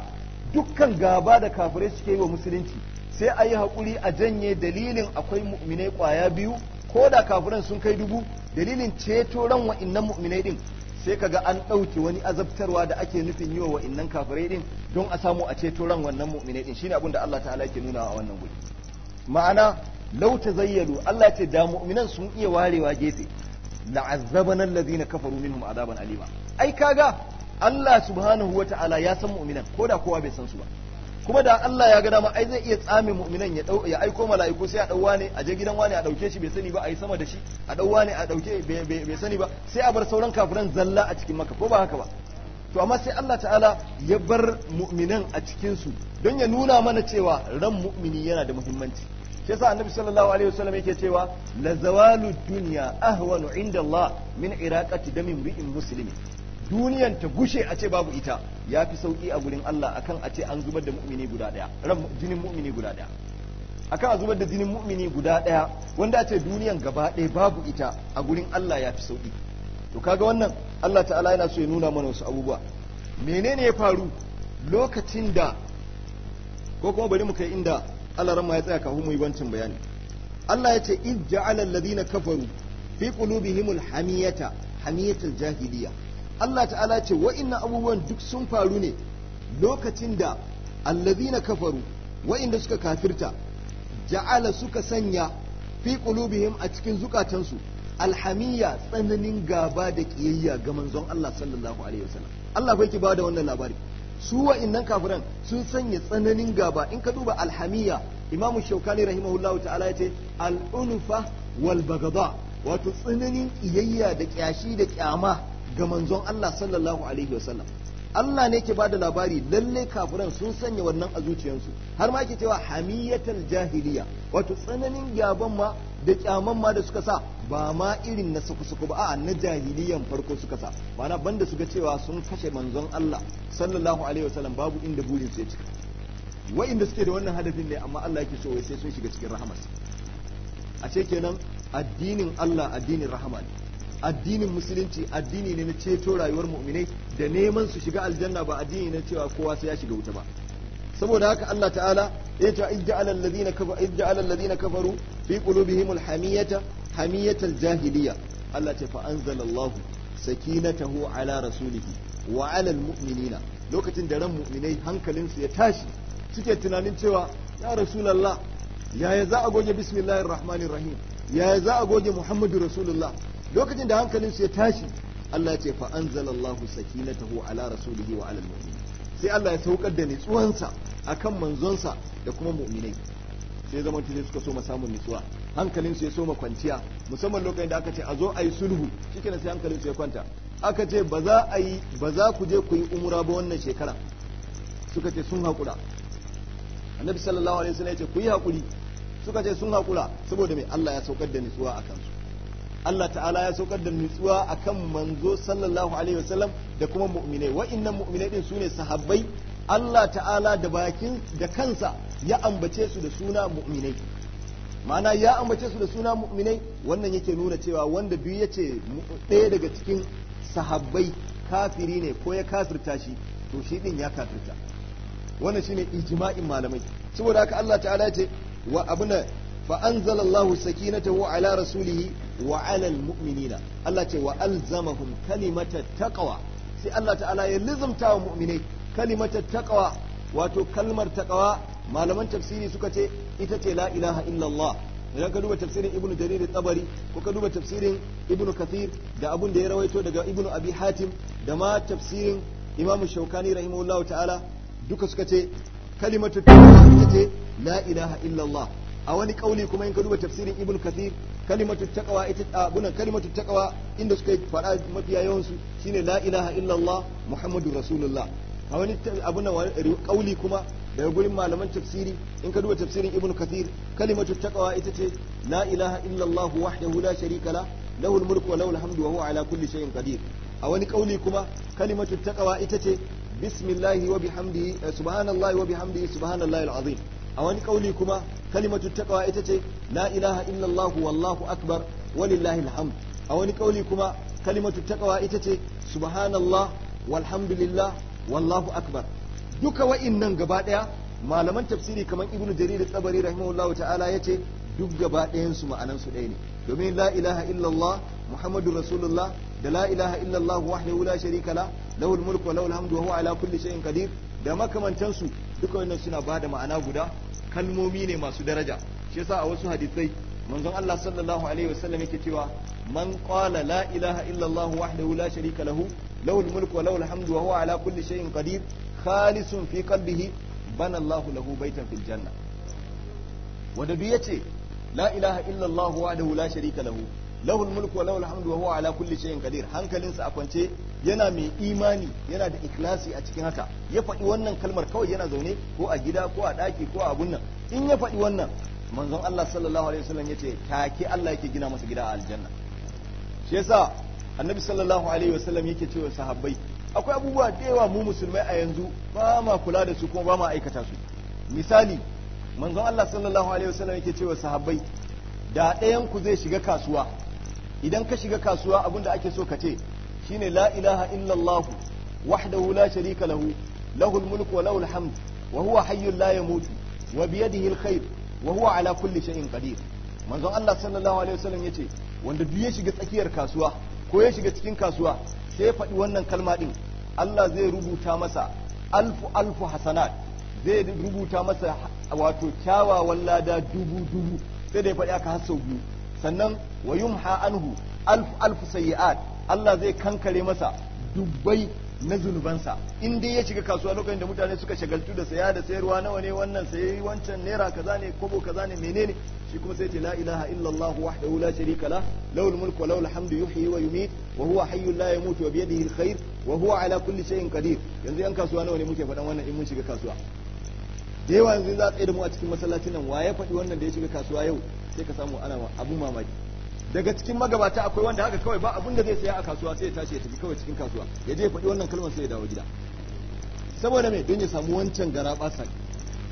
Speaker 1: dukkan gaba da kafirai suke yi wa musulunci sai a yi haƙuri a janye dalilin akwai mu'minai ƙwaya biyu ko da kafiran sun kai dubu dalilin ceto ran wa'innan mu'minai ɗin sai kaga an ɗauke wani azabtarwa da ake nufin yi wa wa'innan kafirai din don a samu a ceto ran wannan mu'minai din shine abin da Allah ta'ala yake nuna a wannan guri ma'ana law tazayyalu Allah ce da mu'minan sun iya warewa gefe la'azzabana allazina kafaru minhum azaban alima ai kaga Allah subhanahu wata'ala ya san mu'minan koda kowa bai san su ba kuma da Allah ya ga dama ai zai iya tsame mu'minan ya dau ya aiko mala'iku sai a dau wani a je gidan wani a dauke shi bai sani ba ai sama da shi a dau wani a dauke bai sani ba sai a bar sauran kafiran zalla a cikin maka ko ba haka ba to amma sai Allah ta'ala ya bar mu'minan a cikin su don ya nuna mana cewa ran mu'mini yana da muhimmanci shi yasa annabi sallallahu alaihi wasallam yake cewa la zawalu dunya ahwanu inda Allah min iraqati damin ri'in muslimin duniyan ta gushe a ce babu ita ya fi sauki a gurin Allah akan a ce an zubar da mu'mini guda daya ran jinin mu'mini guda daya akan a zubar da jinin mu'mini guda daya wanda a ce duniyan gaba daya babu ita a gurin Allah ya fi sauki to kaga wannan Allah ta'ala yana so ya nuna mana wasu abubuwa menene ya faru lokacin da ko kuma bari mu kai inda Allah ran ma ya tsaya ka mu yi wancan bayani Allah ya ce in ja'ala alladhina kafaru fi qulubihimul hamiyata hamiyatul jahiliya Allah ta'ala ce wa'innan abubuwan duk sun faru ne lokacin da allazina kafaru wa'inda suka kafirta ja'ala suka sanya fi qulubihim a cikin zukatansu alhamiya tsananin gaba da kiyayya ga manzon Allah sallallahu alaihi wasallam Allah bai ki ba da wannan labari su wa'innan kafiran sun sanya tsananin gaba in ka duba alhamiya imamu shaukani rahimahullahu ta'ala ya ce al'unufa wal bagada wato tsananin kiyayya da kyashi da kyama ga manzon Allah sallallahu alaihi wasallam Allah ne ke bada labari lalle kafiran sun sanya wannan a zuciyarsu har ma ke cewa hamiyatul jahiliya wato tsananin gyaban ma da kyaman ma da suka sa ba ma irin na suku-suku ba a'a na jahiliyan farko suka sa bana banda suka cewa sun kashe manzon Allah sallallahu alaihi wasallam babu inda burin sai ya cika wa'inda suke da wannan hadafin ne amma Allah yake so sai sun shiga cikin rahamarsa a ce kenan addinin Allah addinin rahama ne addinin musulunci addini ne na ceto rayuwar mu'minai da neman su shiga aljanna ba addini na cewa kowa sai ya shiga wuta ba saboda haka Allah ta'ala ya ce ijja'ala alladhina kafaru ijja'ala alladhina kafaru fi qulubihim al hamiyata jahiliya Allah ta fa anzalallahu sakinatahu ala rasulihi wa ala muminina lokacin da ran mu'minai hankalinsu ya tashi suke tunanin cewa ya rasulullah yaya za a goge bismillahir rahmanir rahim yaya za a goge muhammadu rasulullah lokacin da hankalinsu ya tashi Allah ce fa anzalallahu sakinatahu ala rasulihi wa ala almu'minin sai Allah ya saukar da nitsuwansa akan manzonsa da kuma mu'minai sai zama tuni suka so samun nitsuwa su ya soma kwanciya musamman lokacin da aka ce a zo a yi sulhu shikenan sai hankalin su ya kwanta aka ce ba za a yi ba za ku je ku yi umra ba wannan shekara suka ce sun haƙura annabi sallallahu alaihi wasallam ya ce ku yi haƙuri suka ce sun haƙura saboda mai Allah ya saukar da nitsuwa a kansu Allah ta'ala ya saukar da nutsuwa akan manzo sallallahu alaihi wasallam da kuma mu'minai wa'annan mu'minai din sune sahabbai Allah ta'ala da bakin da kansa ya ambace su da suna mu'minai ma'ana ya ambace su da suna mu'minai wannan yake nuna cewa wanda biyu ya yace ɗaya daga cikin sahabbai kafiri ne ko ya kafirta shi to shi din ya kafirta wannan shine ijma'in malamai saboda haka Allah ta'ala ya ce wa abuna fa anzalallahu sakinatahu ala rasulihi wa ala almu'minina Allah ce wa alzamahum kalimata taqwa sai Allah ta'ala ya lizumta wa mu'minai kalimata taqwa wato kalmar taqwa malaman tafsiri suka ce ita ce la ilaha illallah idan ka duba tafsirin ibnu jarir tabari ko ka duba tafsirin ibnu kathir da abun da ya rawaito daga ibnu abi hatim da ma tafsirin imam shaukani rahimahullahu ta'ala duka suka ce kalimatu tawhid ita ce la ilaha illallah a wani kauli kuma in ka duba tafsirin ibn kathir kalimatu taqwa ita abunan kalimatu taqwa inda suka fara mafiya yawan su shine la ilaha illallah muhammadur rasulullah a wani abunan kauli kuma daga gurin malaman tafsiri in ka duba tafsirin ibn kathir kalimatu taqwa ita ce la ilaha illallah wahdahu la sharika la lahu mulku wa lahu alhamdu wa huwa ala kulli shay'in qadir a wani kauli kuma kalimatu taqwa ita ce bismillahi wa bihamdihi eh, subhanallahi wa bihamdihi subhanallahi alazim a wani kauli kuma kalimatu taqwa ita ce la ilaha illallah wallahu akbar walillahi alhamd a wani kauli kuma kalimatu taqwa ita ce subhanallah walhamdulillah wallahu akbar duka wa'innan gaba daya malaman tafsiri kamar ibnu jarir tsabari rahimahullah ta'ala yace duk gaba ɗayan su ma'anan su ɗaya ne domin la ilaha illallah muhammadu rasulullah da la ilaha illallah wahdahu la sharika la lahul mulku wa lahul hamdu wa huwa ala kulli shay'in qadir da makamantansu duka wannan suna ba da ma'ana guda kalmomi ne masu daraja shi yasa a wasu hadisai manzon Allah sallallahu alaihi wasallam yake cewa man qala la ilaha illa Allah wahdahu la sharika lahu lahul mulku wa lahul hamdu wa huwa ala kulli shay'in qadir khalisun fi qalbihi bana Allah lahu baitan fil janna wanda duk yace la ilaha illa Allah wahdahu la sharika lahu lahul mulku wa lahul hamdu wa huwa ala kulli shay'in qadir hankalinsa a kwance yana mai imani yana da ikhlasi a cikin haka ya faɗi wannan kalmar kawai yana zaune ko a gida ko a ɗaki ko a abun nan in ya faɗi wannan manzon Allah sallallahu alaihi wasallam yace take Allah yake gina masa gida a aljanna shi yasa annabi sallallahu alaihi wasallam yake cewa sahabbai akwai abubuwa da yawa mu musulmai a yanzu ba ma kula da su kuma ba ma aikata su misali manzon Allah sallallahu alaihi wasallam yake cewa sahabbai da ɗayan ku zai shiga kasuwa idan ka shiga kasuwa da ake so ka ce shine la ilaha illallah wahdahu la sharika lahu lahul mulku wa lahul hamd wa huwa hayyul la yamutu wa biyadihi alkhair wa huwa ala kulli shay'in qadir manzon Allah sallallahu alaihi wasallam yace wanda duk ya shiga tsakiyar kasuwa ko ya shiga cikin kasuwa sai ya faɗi wannan kalma din Allah zai rubuta masa alfu alfu hasanat zai rubuta masa wato kyawawan lada dubu dubu sai da ya faɗi aka har sau biyu sannan wa yumha anhu alf alf sayyi'at Allah zai kankare masa dubbai na zunubansa in dai ya shiga kasuwa lokacin da mutane suka shagaltu da saya da sayarwa nawa ne wannan sayi wancan naira kaza ne kobo kaza ne menene shi kuma sai ce la ilaha illallah wahdahu la sharika la lahul mulku wa lahul hamdu yuhyi wa yumiit wa huwa hayyul la yamutu wa bi yadihi alkhair wa huwa ala kulli shay'in qadir yanzu yan kasuwa nawa ne muke faɗan wannan in mun shiga kasuwa da yawa yanzu za a tsaye da mu a cikin masallacin nan ya faɗi wannan da ya shiga kasuwa yau sai ka samu ana abun mamaki daga cikin magabata akwai wanda haka kawai ba abun da zai saya a kasuwa sai ya tashi ya tafi kawai cikin kasuwa ya je faɗi wannan kalmar sai ya dawo gida saboda me don ya samu wancan gara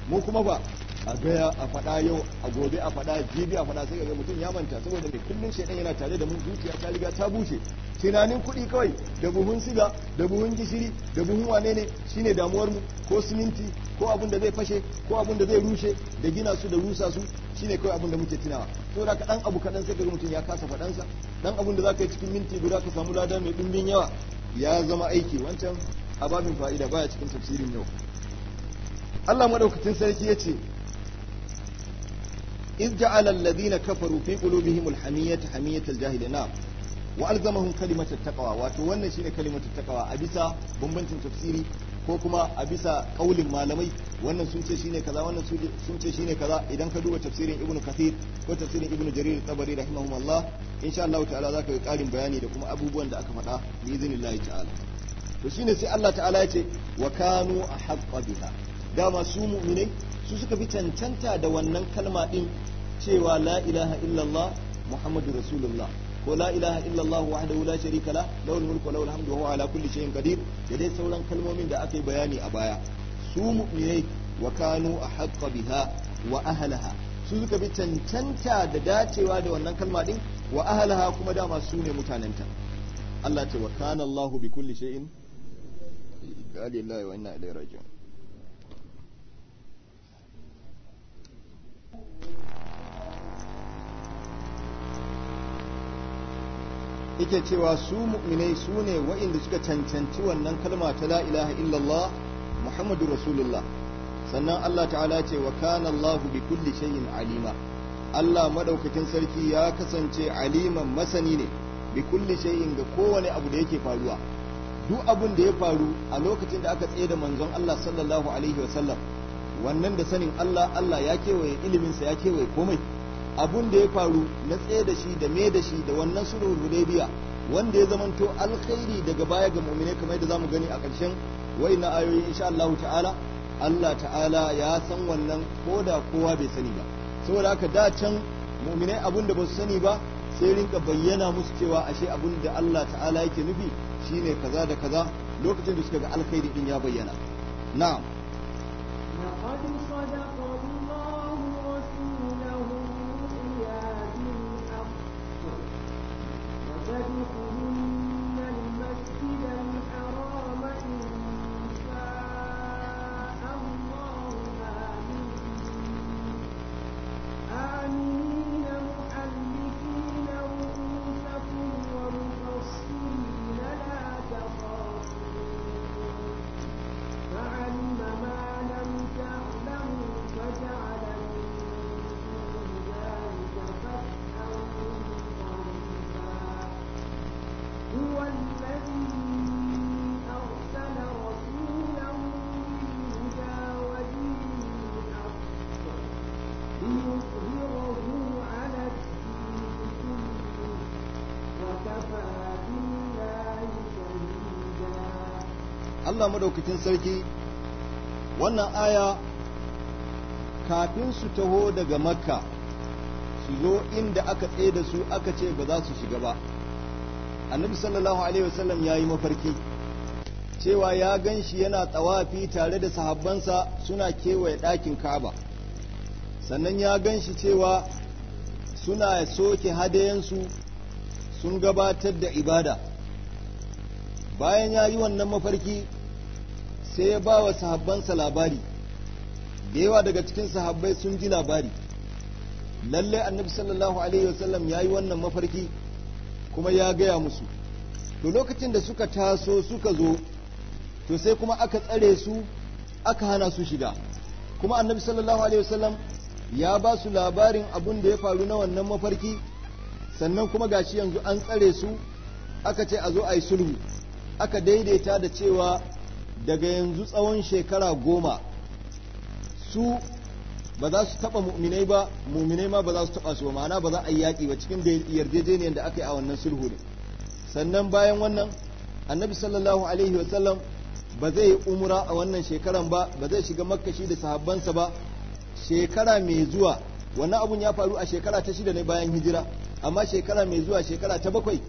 Speaker 1: mu kuma ba a gaya a faɗa yau a gobe a faɗa jibi a faɗa sai ga mutum ya manta saboda mai kullum shaidan yana tare da mu zuciya ta riga ta bushe tunanin kuɗi kawai da buhun siga da buhun gishiri da buhun wane ne shine damuwar mu ko siminti ko abin da zai fashe ko abin da zai rushe da gina su da rusa su shine kawai abin da muke tunawa saboda ka dan abu kaɗan sai ga mutum ya kasa faɗansa dan abin da zaka yi cikin minti guda ka samu lada mai ɗimbin yawa ya zama aiki wancan ababin fa'ida baya cikin tafsirin yau Allah madaukakin sarki ya ce إذ جعل الذين كفروا في قلوبهم الحمية حمية الجاهل نعم وألزمهم كلمة التقوى وتوانا شين كلمة التقوى أبسا بمبنت تفسيري ko kuma a bisa kaulin malamai wannan sun ce shine kaza wannan sun ce shine kaza idan ka duba tafsirin ibnu kathir ko tafsirin ibnu jarir tabari rahimahumullah insha Allah ta'ala zaka yi karin bayani da kuma abubuwan da aka faɗa bi iznillahi ta'ala to shine sai Allah ta'ala ya ce wa kanu ahqqa biha dama su mu'minai su suka fi cancanta da wannan kalma din cewa la ilaha illallah muhammadu rasulullah ko la ilaha illallah wahdahu la sharika la lahul mulku wa lahul hamdu wa huwa ala kulli shay'in qadir da dai sauran kalmomin da aka yi bayani a baya su mu'minai wa kanu ahqqa biha wa ahlaha su suka bi cancanta da dacewa da wannan kalma din wa ahlaha kuma dama su ne ta Allah ce wa kana Allahu bi kulli shay'in qali la wa inna ilaihi raji'un yake cewa su mu'minai su ne wa'inda suka cancanci wannan kalma ta la ilaha illallah muhammadu rasulullah sannan Allah ta'ala ce wa kana Allahu bi kulli shay'in alima Allah madaukakin sarki ya kasance aliman masani ne bi kulli shay'in ga kowane abu da yake faruwa duk abun da ya faru a lokacin da aka tsaye da manzon Allah sallallahu alaihi wa sallam wannan da sanin Allah Allah ya kewaye iliminsa ya kewaye komai abun da ya faru na tsaye da shi da me da shi da wannan sulhul hudaybiya wanda ya zamanto alkhairi daga baya ga mu'mine kamar yadda zamu gani a ƙarshen na ayoyi insha Allah ta'ala Allah ta'ala ya san wannan ko da kowa bai sani ba saboda haka da can mu'mine abun da ba su sani ba sai rinka bayyana musu cewa ashe abun da Allah ta'ala yake nufi shine kaza da kaza lokacin da suka ga alkhairi din ya bayyana na'am Allah madaukakin sarki wannan aya kafin su taho daga makka su zo inda aka tsaye da su aka ce ba za su shiga ba annabi sallallahu alaihi wasallam ya yi mafarki cewa ya gan shi yana tsawafi tare da sahabbansa suna kewaye ɗakin kaba sannan ya ganshi cewa suna soke hadayensu sun gabatar da ibada bayan ya yi wannan mafarki sai ya ba wa sahabbansa labari da yawa daga cikin sahabbai sun ji labari lalle annabi sallallahu alaihi wasallam ya yi wannan mafarki kuma ya gaya musu to lokacin da suka taso suka zo to sai kuma aka tsare su aka hana su shiga kuma annabi sallallahu alaihi wasallam ya ba su labarin abun da ya faru na wannan mafarki sannan kuma gashi yanzu an tsare su aka ce a zo a yi sulhu aka daidaita da cewa daga yanzu tsawon shekara goma su ba za su taɓa mu'minai ba mu'minai ma ba za su taɓa su ba ma'ana ba za a yi yaƙi ba cikin yarjejeniyar da aka yi a wannan sulhu ne sannan bayan wannan annabi sallallahu alaihi wa sallam ba zai yi umra a wannan shekaran ba ba zai shiga makashi da sahabbansa ba shekara mai zuwa wannan abun ya faru a shekara ta shida ne bayan hijira amma shekara mai zuwa shekara ta bakwai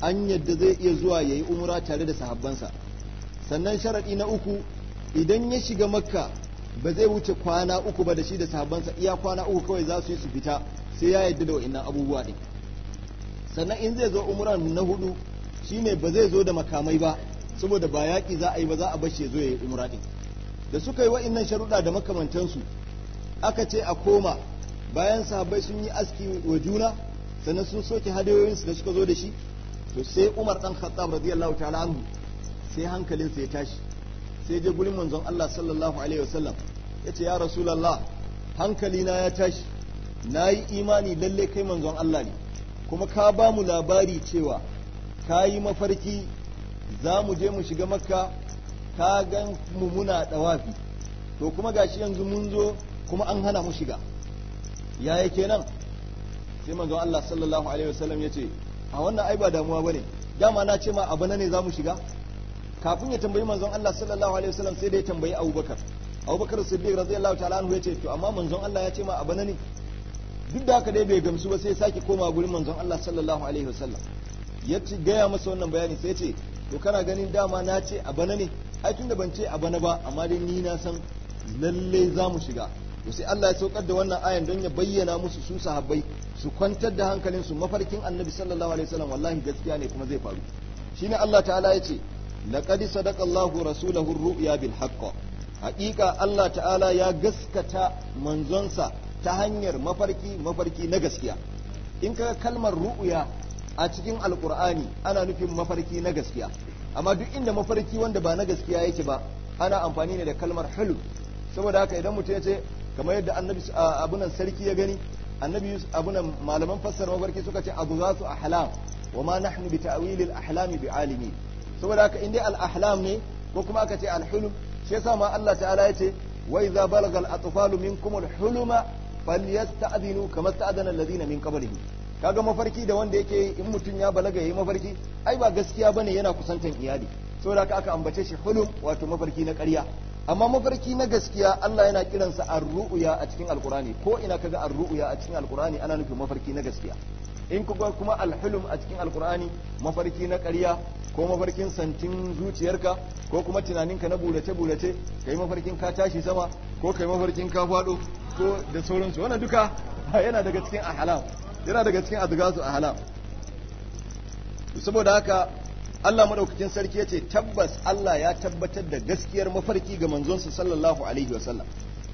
Speaker 1: an yadda zai iya zuwa ya yi umra tare da sahabbansa sannan sharaɗi na uku idan ya shiga makka ba zai wuce kwana uku ba da shi da sahabbansa iya kwana uku kawai za su yi su fita sai ya yadda da wa'annan abubuwa ɗin sannan in zai zo umran na hudu shi shine ba zai zo da makamai ba saboda ba yaƙi za a yi ba za a bashi ya zo ya yi umra ɗin da suka yi wa'annan sharuɗa da makamantansu aka ce a koma bayan sahabbai sun yi aski wa juna sannan sun soke hadayoyinsu da suka zo da shi to sai umar ɗan khattab radiyallahu ta'ala anhu sai hankalinsa ya tashi sai je gurin manzon Allah sallallahu alaihi wasallam ya ce ya rasulallah hankalina ya tashi na yi imani lalle kai manzon Allah ne kuma ka ba mu labari cewa ka yi mafarki za mu je mu shiga makka ka gan mu muna dawafi to kuma gashi yanzu mun zo kuma an hana mu shiga ya yake nan sai manzon Allah sallallahu alaihi wasallam ya ce a wannan ai ba damuwa bane dama na ce ma abana ne za mu shiga kafin ya tambayi manzon Allah sallallahu alaihi wasallam sai dai tambayi Abubakar Abubakar Siddiq radiyallahu ta'ala anhu yace to amma manzon Allah ya ce ma abana ne duk da haka dai bai gamsu ba sai sake koma gurin manzon Allah sallallahu alaihi wasallam ya ci gaya masa wannan bayani sai ce to kana ganin dama na ce abana ne ai tunda ban ce abana ba amma dai ni na san lalle za mu shiga to sai Allah ya saukar da wannan ayan don ya bayyana musu su sahabbai su kwantar da su mafarkin annabi sallallahu alaihi wasallam wallahi gaskiya ne kuma zai faru shine Allah ta'ala ya ce laqad sadaqa Allahu rasulahu ru'ya bil haqq haƙiƙa Allah ta'ala ya gaskata manzonsa ta hanyar mafarki mafarki na gaskiya in ka kalmar ru'ya a cikin alqur'ani ana nufin mafarki na gaskiya amma duk inda mafarki wanda ba na gaskiya yake ba ana amfani ne da kalmar halu saboda haka idan mutum ya ce kamar yadda annabi abunan sarki ya gani annabi abunan malaman fassara mafarki suka ce abu zasu su ahlam wa ma nahnu bi ta'wilil ahlami bi alimi saboda haka in dai al-ahlam ne ko kuma aka ce al-hulum shi yasa ma Allah ta'ala ya ce wa idza balagal atfalu minkum al-huluma falyasta'dinu kama sta'dana alladhina min qablihim kaga mafarki da wanda yake in mutum ya balaga yayi mafarki ai ba gaskiya bane yana kusantan iyali saboda haka aka ambace shi hulum wato mafarki na ƙarya amma mafarki na gaskiya Allah yana kiransa ar-ru'ya a cikin al-Qur'ani ko ina kaga ar-ru'ya a cikin al-Qur'ani ana nufin mafarki na gaskiya in kuma kuma alhulum a cikin alkur'ani mafarki na ƙarya ko mafarkin santin zuciyarka ko kuma tunaninka na burace burace yi mafarkin ka tashi sama ko ka yi mafarkin ka faɗo ko da sauransu wannan duka yana daga cikin ahlam yana daga cikin a ahlam saboda haka Allah madaukakin sarki ya ce tabbas Allah ya tabbatar da gaskiyar mafarki ga manzonsa sallallahu alaihi wasallam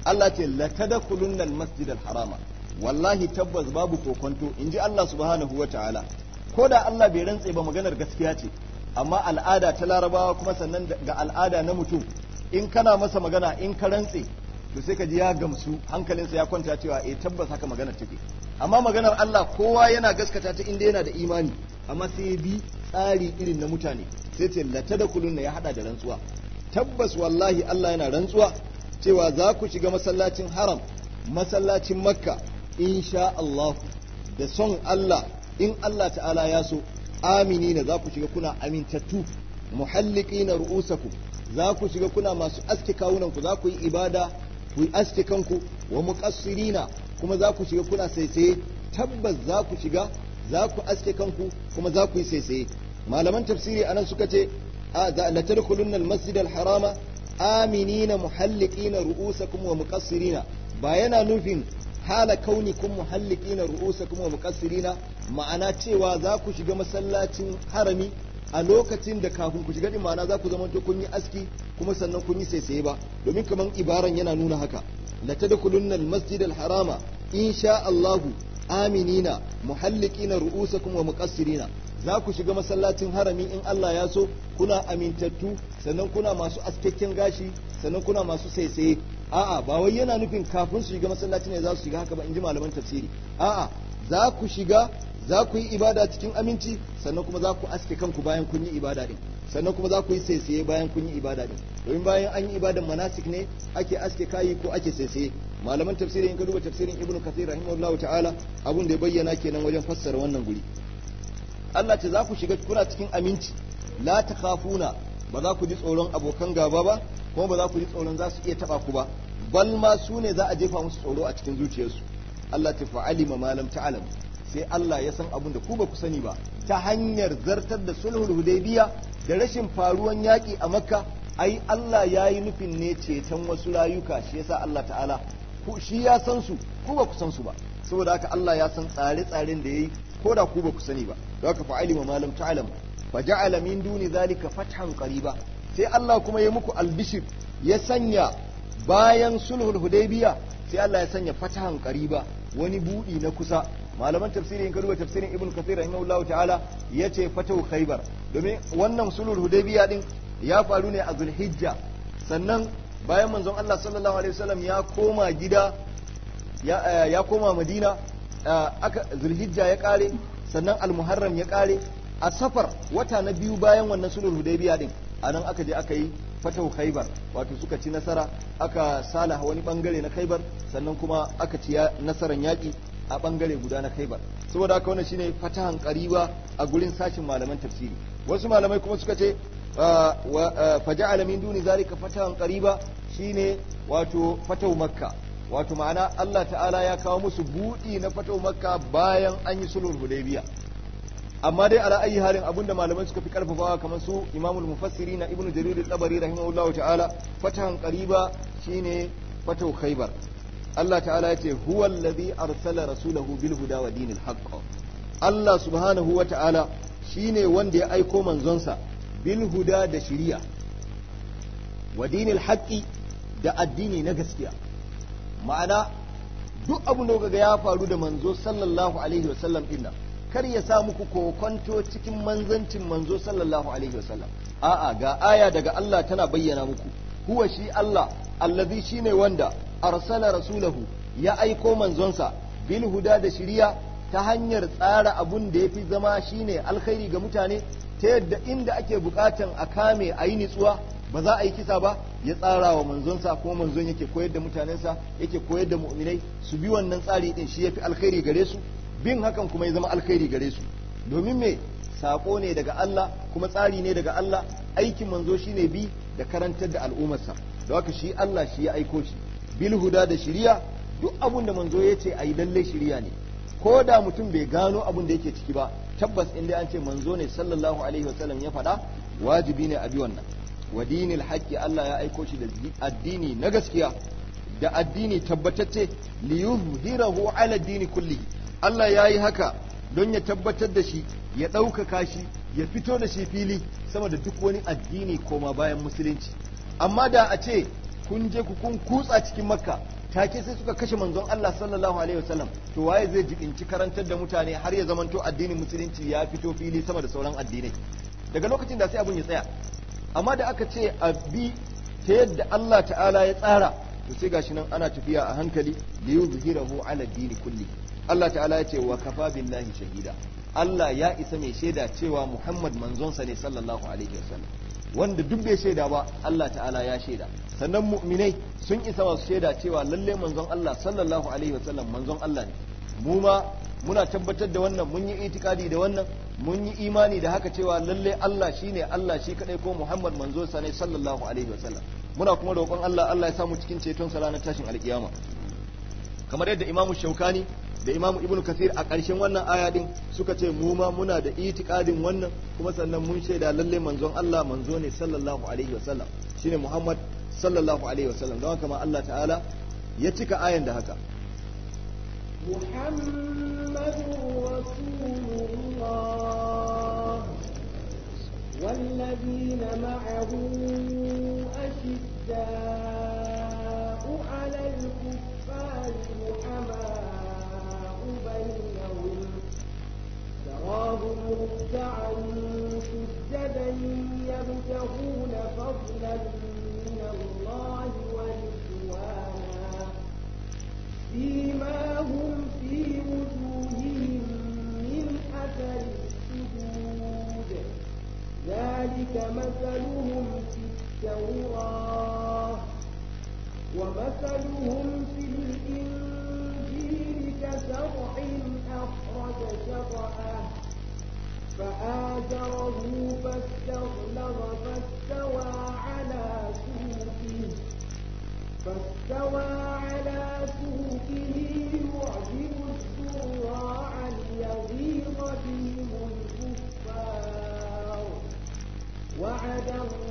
Speaker 1: Allah ce la tadkhulunna masjidal harama wallahi tabbas babu kokonto in ji Allah subhanahu wa ta'ala ko da Allah bai rantse ba maganar gaskiya ce amma al'ada ta larabawa kuma sannan ga al'ada na mutum in kana masa magana in ka rantse to sai ka ji ya gamsu hankalinsa ya kwanta cewa eh tabbas haka magana take amma maganar Allah kowa yana gaskata ta inda yana da imani amma sai bi tsari irin na mutane sai ce latadakulunna ya hada da rantsuwa tabbas wallahi Allah yana rantsuwa cewa za ku shiga masallacin haram masallacin makka sha Allah da son Allah in Allah ta'ala ya so amini na za ku shiga kuna amintattu muhalliki na ru'usaku za ku shiga kuna masu aske kawunanku za ku yi ibada ku yi aske kanku wa muqassirina kuma za ku shiga kuna saisaye tabbas za ku shiga za ku aske kanku kuma za ku yi saisaye malaman tafsiri anan suka ce da tadkhulunna al-masjid al-harama aminina muhalliqina ru'usakum wa muqassirina ba yana nufin hala kauni kun na ru'usa ru'usa wa na ma'ana cewa za ku shiga masallacin harami a lokacin da kafin ku shiga din ma'ana za ku zama kun yi aski kuma sannan kun yi saisaye ba domin kaman ibaran yana nuna haka la tadkhulunna al-masjid al-harama insha Allah aminina na ru'usakum wa muqassirina za ku shiga masallacin harami in Allah ya so kuna amintattu sannan kuna masu askakken gashi sannan kuna masu saisaye a'a ba wai yana nufin kafin su shiga masallaci ne za su shiga haka ba in ji malaman tafsiri a'a za ku shiga za ku yi ibada cikin aminci sannan kuma za ku aske kanku bayan kun yi ibada din sannan kuma za ku yi saisaye bayan kun yi ibada din domin bayan an yi ibadan manasik ne ake aske kayi ko ake saisaye malaman tafsirin in ka duba tafsirin ibnu kathir rahimahullahu ta'ala abun da ya bayyana kenan wajen fassara wannan guri Allah ce za ku shiga kuna cikin aminci la takhafuna ba za ku ji tsoron abokan gaba ba kuma ba za ku ji tsoron za su iya taba ku ba bal ma su ne za a jefa musu tsoro a cikin zuciyarsu Allah ta fa'ali ma malam ta'lam sai Allah ya san abin da ku ba ku sani ba ta hanyar zartar da sulhul hudaybiya da rashin faruwan yaki a makka ai Allah ya yi nufin ne ceton wasu rayuka shi yasa Allah ta'ala ku shi ya san su ku ba ku san su ba saboda haka Allah ya san tsare-tsaren da yayi ko da ku ba ku sani ba don haka fa'ali ma malam ta'alam fa ja'ala min duni zalika fathan qariba sai Allah kuma ya muku albishir ya sanya bayan sulhul hudaybiya sai Allah ya sanya fatahan qariba wani budi na kusa malaman tafsirin ka duba tafsirin kafira kathir rahimahullahu ta'ala yace fatahu khaybar domin wannan sulhul hudaybiya din ya faru ne a zulhijja sannan bayan manzon Allah sallallahu alaihi wasallam ya koma gida ya eh, koma madina eh, aka zulhijja ya kare sannan almuharram ya kare a safar wata na biyu bayan wannan sulhul hudaybiya din a nan aka je aka yi fatau khaibar wato suka ci nasara aka salaha wani bangare na khaibar sannan kuma aka ci nasaran yaki a bangare guda na khaibar saboda haka wannan shine fatahan qariba a gurin sashin malaman tafsiri wasu malamai kuma suka ce ah, ah, faja'ala min duni zalika fatahan qariba shine wato fatau makka wato ma'ana Allah ta'ala ya kawo musu budi na fatau makka bayan an yi sulhul hudaybiya amma dai ala ayi halin abinda malamai suka fi karfafawa kamar su imamul mufassiri na ibnu jarir al-tabari rahimahullahu ta'ala fatahan qariba shine fatu khaybar Allah ta'ala yace huwa alladhi arsala rasulahu bil huda wa dinil haqq Allah subhanahu wa ta'ala shine wanda ya aiko manzonsa bil huda da shari'a wa dinil haqqi da addini na gaskiya ma'ana duk abin da ya faru da manzo sallallahu alaihi wa sallam dinnan kar ya sa muku kokonto cikin manzancin manzo sallallahu alaihi wasallam a'a ga aya daga Allah tana bayyana muku huwa shi Allah allazi shine wanda arsala rasulahu ya aiko manzonsa bil huda da shiriya ta hanyar tsara abun da yafi zama shine alkhairi ga mutane ta yadda inda ake bukatan a kame a yi nitsuwa ba za a yi kisa ba ya tsara wa manzonsa ko manzon yake koyar da mutanensa yake koyar da mu'minai su bi wannan tsari din shi yafi alkhairi gare su bin hakan kuma ya zama alkhairi gare su domin me sako ne daga Allah kuma tsari ne daga Allah aikin manzo shine bi da karantar da al'ummarsa da haka shi Allah shi ya aiko shi bil huda da shiriya duk abun da manzo ya ce ayi lalle shiriya ne ko da mutum bai gano abun da yake ciki ba tabbas inda an ce manzo ne sallallahu alaihi wasallam ya faɗa wajibi ne a bi wannan wa dinil haqqi Allah ya aiko shi da addini na gaskiya da addini tabbatacce li yuhhirahu ala dini kullihi Allah ya yi haka don ya tabbatar da shi ya ɗaukaka shi ya fito da shi fili sama da duk wani addini koma bayan musulunci amma da a ce kun je ku kun kutsa cikin makka take sai suka kashe manzon Allah sallallahu alaihi wasallam to waye zai jibinci karantar da mutane har ya zamanto addinin musulunci ya fito fili sama da sauran addinai daga lokacin da sai abun ya tsaya amma da aka ce a bi ta yadda Allah ta'ala ya tsara to sai gashi nan ana tafiya a hankali li yuzhirahu ala dini kulli Allah ta'ala ya ce wa kafa billahi shahida Allah ya isa mai shaida cewa Muhammad manzonsa ne sallallahu alaihi wasallam wanda duk bai shaida ba Allah ta'ala ya shaida sannan mu'minai sun isa masu shaida cewa lalle manzon Allah sallallahu alaihi wasallam manzon Allah ne mu ma muna tabbatar da wannan mun yi itikadi da wannan mun yi imani da haka cewa lalle Allah shine Allah shi kadai ko Muhammad manzo sa ne sallallahu alaihi wasallam muna kuma roƙon Allah Allah ya samu cikin ceton sa ranar tashin alkiyama kamar yadda Imam Shaukani da imamu Ibn kathir a ƙarshen wannan aya din suka ce mu ma muna da itikadin wannan kuma sannan mun shaida lalle manzon Allah manzo ne sallallahu alaihi wasallam shine muhammad sallallahu alaihi wasallam don haka ma Allah ta'ala ya cika ayan da haka
Speaker 2: muhammadur rasulullah والذين معه أشداء على الكفار تراهم ركعا سجدا يبتغون فضلا من الله ورضوانا سيماهم في وجوههم من أثر السجود ذلك مثلهم في التوراة ومثلهم في الإنجيل كزرع أخرج شطأه فآجره فاستغلظ فاستوى على سوقه فاستوى على سوقه يعجب الزراع ليغيظ بهم الكفار وعد الله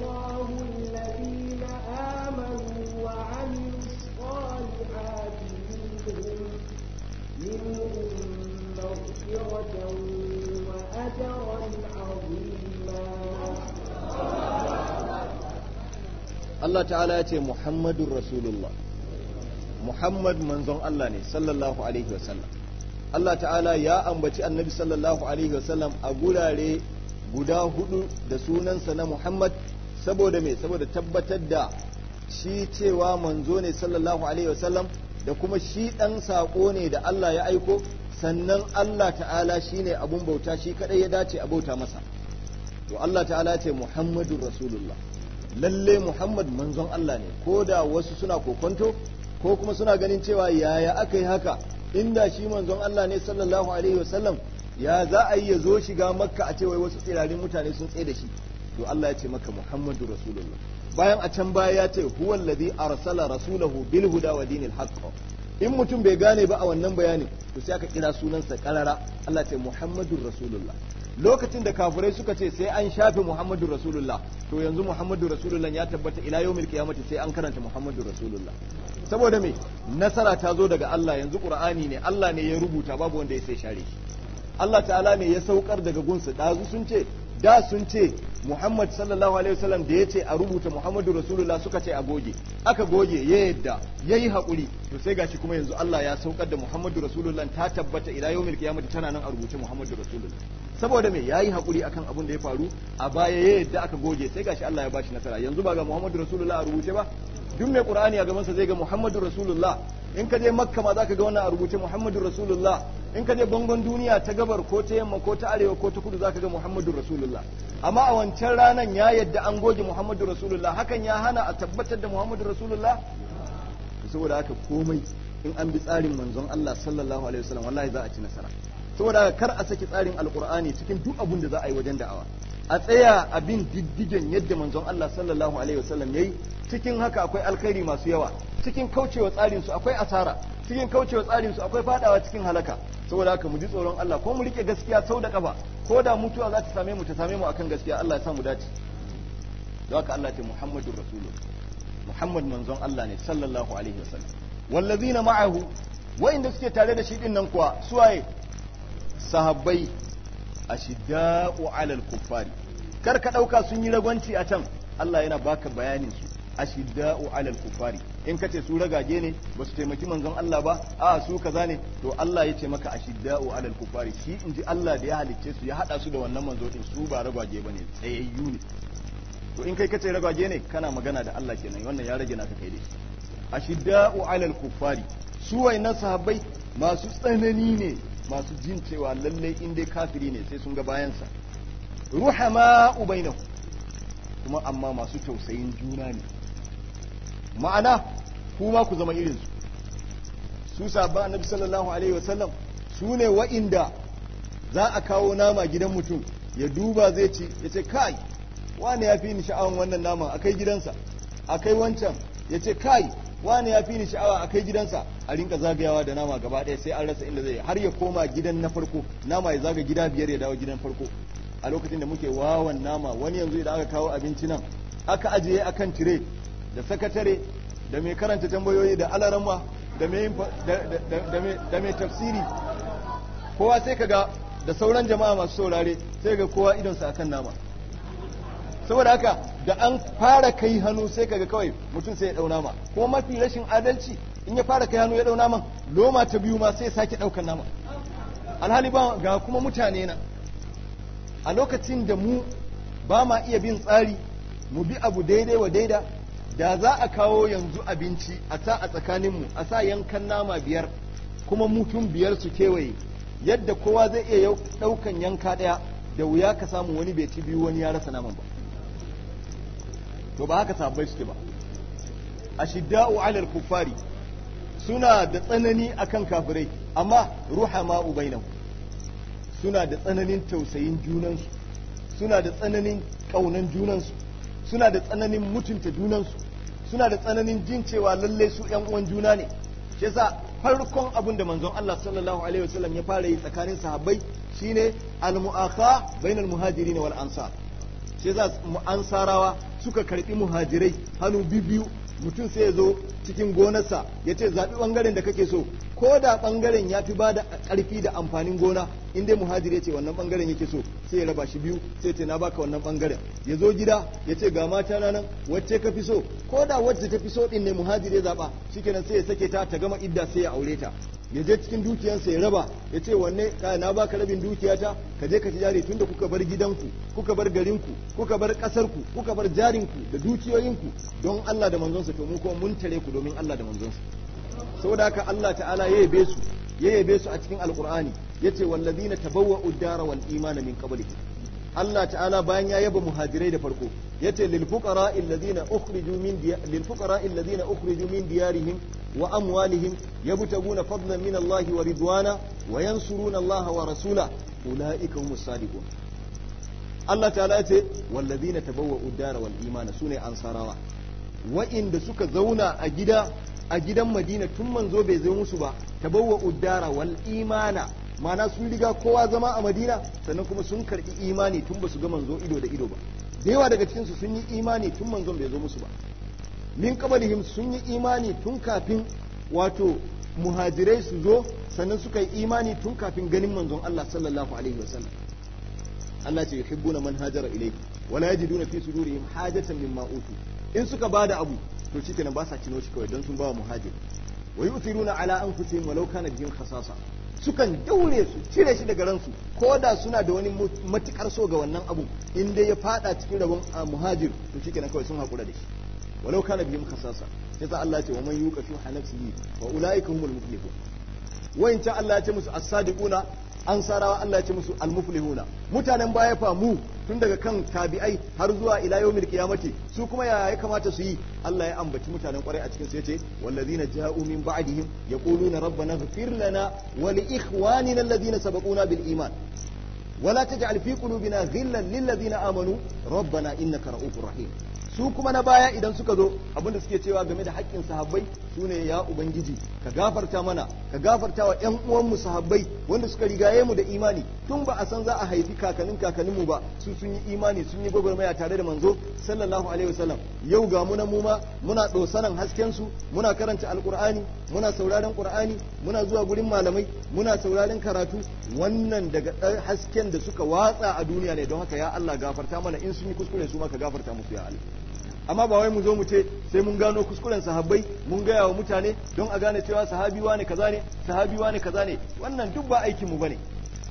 Speaker 1: Allah ta'ala ya ce Muhammadun Rasulullah Muhammad manzon Allah ne sallallahu alaihi wasallam Allah ta'ala ya ambaci annabi sallallahu alaihi wasallam a gurare guda hudu da sunansa na Muhammad saboda me saboda tabbatar da shi cewa manzo ne sallallahu alaihi wasallam da kuma shi dan sako ne da Allah ya aiko sannan Allah ta'ala shine abun bauta shi kadai ya dace a bauta masa to Allah ta'ala ya ce Muhammadur Rasulullah lalle Muhammad manzon Allah ne ko da wasu suna kokonto ko kuma suna ganin cewa yaya aka yi haka inda shi manzon Allah ne sallallahu alaihi wasallam ya za a yi ya zo shiga makka a ce wasu tsirarin mutane sun tsaye da shi to Allah ya ce maka Muhammadu Rasulullah bayan a can baya ya ce huwa alladhi arsala rasulahu bil huda wa dinil haqq in mutum bai gane ba a wannan bayanin to sai aka kira sunansa qarara Allah ya ce Muhammadu Rasulullah lokacin da kafurai suka ce sai an shafe Muhammadu Rasulullah to yanzu Muhammadu Rasulullah ya tabbata ila milki kiyamati sai an karanta Muhammadu Rasulullah saboda me nasara ta zo daga Allah yanzu Qur'ani ne Allah ne ya rubuta babu wanda ya sai share shi Allah ta'ala ne ya saukar daga gunsu dazu sun ce da sun ce Muhammad sallallahu alaihi wasallam da ya ce a rubuta Muhammadu Rasulullah suka ce a goge aka goge ya yadda yayi hakuri to sai gashi kuma yanzu Allah ya saukar da Muhammadu Rasulullah ta tabbata ila yaumil qiyamah tana nan a rubuce Muhammadu Rasulullah saboda me yayi hakuri akan abun da ya faru a baya ya yadda aka goge sai gashi Allah ya bashi nasara yanzu ba ga Muhammadu Rasulullah a rubuce ba duk mai qur'ani a gabansa zai ga Muhammadu rasulullah in ka je makka ma zaka ga wannan a rubuce Muhammadu rasulullah in ka je bangon duniya ta gabar ko ta yamma ko ta arewa ko ta kudu zaka ga Muhammadu rasulullah amma a wancan ranan ya yadda an goge Muhammadu rasulullah hakan ya hana a tabbatar da muhammadur rasulullah saboda haka komai in an bi tsarin manzon Allah sallallahu alaihi wasallam wallahi za a ci nasara saboda kar a saki tsarin alqur'ani cikin duk abun da za a yi wajen da'awa a tsaya abin diddigen yadda manzon Allah sallallahu alaihi wasallam yayi cikin haka akwai alkhairi masu yawa cikin kaucewa tsarin su akwai asara cikin kaucewa tsarin su akwai fadawa cikin halaka saboda haka mu ji tsoron Allah ko mu rike gaskiya sau da kafa ko da mutuwa za ta same mu ta same mu akan gaskiya Allah ya sa mu dace don haka Allah ya ce Muhammadur Rasulullah Muhammad manzon Allah ne sallallahu alaihi wasallam wallazina ma'ahu inda suke tare da shi din nan kuwa suwaye sahabbai ashidda'u 'alal kuffari kar ka dauka sun yi ragwanci a can Allah yana baka bayanin su ashidda'u 'alal kuffari in kace su ragage ne ba su taimaki manzon Allah ba a su kaza ne to Allah ya ce maka ashidda'u 'alal kuffari shi inji Allah da ya halicce su ya hada su da wannan manzo din su ba ragwaje bane tsayayyu ne to in kai kace ragwaje ne kana magana da Allah kenan wannan ya rage naka kai dai ashidda'u 'alal kuffari su wayannan sahabbai masu tsanani ne masu jin cewa lallai in dai kafiri ne sai sun ga bayansa ma ubaina kuma amma masu tausayin juna ne ma'ana kuma ku zama irin su saba annabi sallallahu alaihi wasallam su ne wa'inda za a kawo nama gidan mutum ya duba zai ci ya ce kai wane ya fi ni sha'awan wannan naman akai gidansa akai wancan ya ce kai wani ya fi ni sha'awa a kai gidansa a rinka zagayawa da nama gaba ɗaya sai an rasa inda zai har ya koma gidan na farko nama ya zaga gida biyar ya dawo gidan farko a lokacin da muke wawan nama wani yanzu idan aka kawo abinci nan aka ajiye akan tire da sakatare da mai karanta tambayoyi da alaramma da mai tafsiri kowa sai kaga da sauran jama'a masu saurare sai ga kowa idonsa akan nama saboda haka da an fara kai hannu sai kaga kawai mutum sai ya dauna ma ko mafi rashin adalci in ya fara kai hannu ya dauna ma loma ta biyu ma sai ya sake daukan nama alhali ba ga kuma mutane na a lokacin da mu ba ma iya bin tsari mu bi abu daidai wa daida da za a kawo yanzu abinci a sa a tsakaninmu a sa yankan nama biyar kuma mutum biyar su kewaye yadda kowa zai iya daukan yanka daya da wuya ka samu wani bai ci biyu wani ya rasa naman ba to ba haka sahabbai suke ba a ashidda'u 'alal kuffari suna da tsanani akan kafirai amma ruha ruhama'u bainahum suna da tsananin tausayin junansu suna da tsananin kaunan junansu suna da tsananin mutunta junansu suna da tsananin jin cewa lallai su yan uwan juna ne shi yasa farkon abin da manzon Allah sallallahu alaihi wasallam ya fara yi tsakanin sahabbai shine al-mu'akha bainal muhajirin wal ansar shi yasa ansarawa suka karɓi muhajirai hannu biyu mutum sai ya zo cikin gonarsa ya ce zaɓi ɓangaren da kake so ko da bangaren ya fi ba da karfi da amfanin gona in dai muhajir ya ce wannan bangaren yake so sai ya raba shi biyu sai ce na baka wannan bangaren ya zo gida ya ce ga mata na nan wacce ka fi so ko da wacce ta fi so din ne muhajir ya zaba shikenan sai ya sake ta ta gama idda sai ya aure ta ya je cikin dukiyarsa ya raba ya ce wanne na baka rabin dukiyata ka je ka ci jari tunda kuka bar gidanku kuka bar garinku kuka bar kasarku kuka bar jarinku da dukiyoyinku don Allah da manzonsa to mu kuma mun tare ku domin Allah da manzonsa saboda haka Allah ta'ala ya yabe su ya yabe su a cikin alqur'ani yace wallazina tabawwa'u dara wal imana min qablihim Allah ta'ala bayan ya yaba muhajirai da farko yace lil fuqara alladhina ukhriju min lil fuqara alladhina ukhriju min diyarihim wa amwalihim yabtaguna fadlan min Allah wa ridwana wa yansuruna Allah wa rasula ulaika humus sadiqun Allah ta'ala yace walladhina tabawwa'u dara wal imana sune ansarawa wa'inda suka zauna a gida a gidan madina tun manzo bai zo musu ba tabawwa uddara wal imana mana sun riga kowa zama a madina sannan kuma sun karbi imani tun ba su ga manzo ido da ido ba da yawa daga cikin su sun yi imani tun manzon bai zo musu ba min qablihim sun yi imani tun kafin wato muhajirai su zo sannan suka yi imani tun kafin ganin manzon Allah sallallahu alaihi wasallam Allah ce yuhibbuna man hajara ilayhi wala yajiduna fi sudurihim hajatan mimma utu in suka bada abu to shi kenan ba sa cino shi kawai don sun ba wa muhajir wa yu'thiruna ala anfusihim walau kana bihim khasasa sukan daure su cire shi daga ransu ko da suna da wani matukar so ga wannan abu in dai ya fada cikin rabon muhajir to shi kenan kawai sun hakura da shi walau kana bihim khasasa yasa Allah ce wa man yuqashu shuha wa ulaika humul muflihun in ta Allah ya ce musu as-sadiquna an sarawa Allah ya ce musu almuflihuna mutanen baya fa mu tun daga kan tabi'ai har zuwa ila yawmil qiyamati su kuma ya ya kamata su yi Allah ya ambaci mutanen kwarai a cikin su yace wallazina ja'u min ba'dihim yaquluna rabbana ighfir lana wa li ikhwanina alladhina sabaquna bil iman wala taj'al fi qulubina ghillan lil ladina amanu rabbana innaka ra'ufur rahim su kuma na baya idan suka zo abin da suke cewa game da haƙƙin sahabbai sune ya ubangiji ka gafarta mana ka gafarta wa ƴan uwanmu sahabbai wanda suka rigaye mu da imani tun ba a san za a haifi kakannin kakanninmu ba su sun yi imani sun yi gwagwarmaya tare da manzo sallallahu alaihi wasallam yau ga mu na mu ma muna dosanan hasken su muna karanta alqur'ani muna sauraron qur'ani muna zuwa gurin malamai muna sauraron karatu wannan daga hasken da suka watsa a duniya ne don haka ya Allah gafarta mana in sun yi kuskure su maka gafarta musu ya Allah amma ba wai mu zo mu ce sai mun gano kuskuren sahabbai mun gaya wa mutane don a gane cewa sahabi wane kaza ne sahabi wane kaza ne wannan duk ba aikin mu bane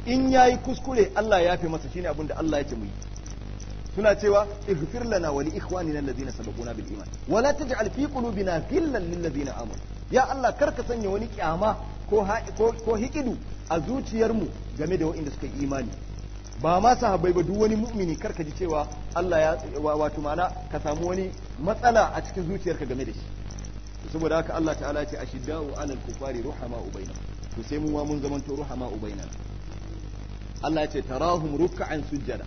Speaker 1: in yayi kuskure Allah ya fi masa shine abin da Allah ya ce mu yi suna cewa ighfir lana wa li ikhwanina alladhina sabaquna bil iman wa la taj'al fi qulubina ghillan lil ladina amanu ya Allah kar ka sanya wani kyama ko ko hikidu a zuciyarmu game da waɗanda suka yi imani ba ma sahabbai ba duk wani mu'mini karka ji cewa Allah ya wato mana ka samu wani matsala a cikin zuciyarka game da shi saboda haka Allah ta'ala ya ce ashidda'u 'alal kufari ruhama ubaina to sai mun wa mun zamanto ruhama ubaina Allah ya ce tarahum ruk'an sujjada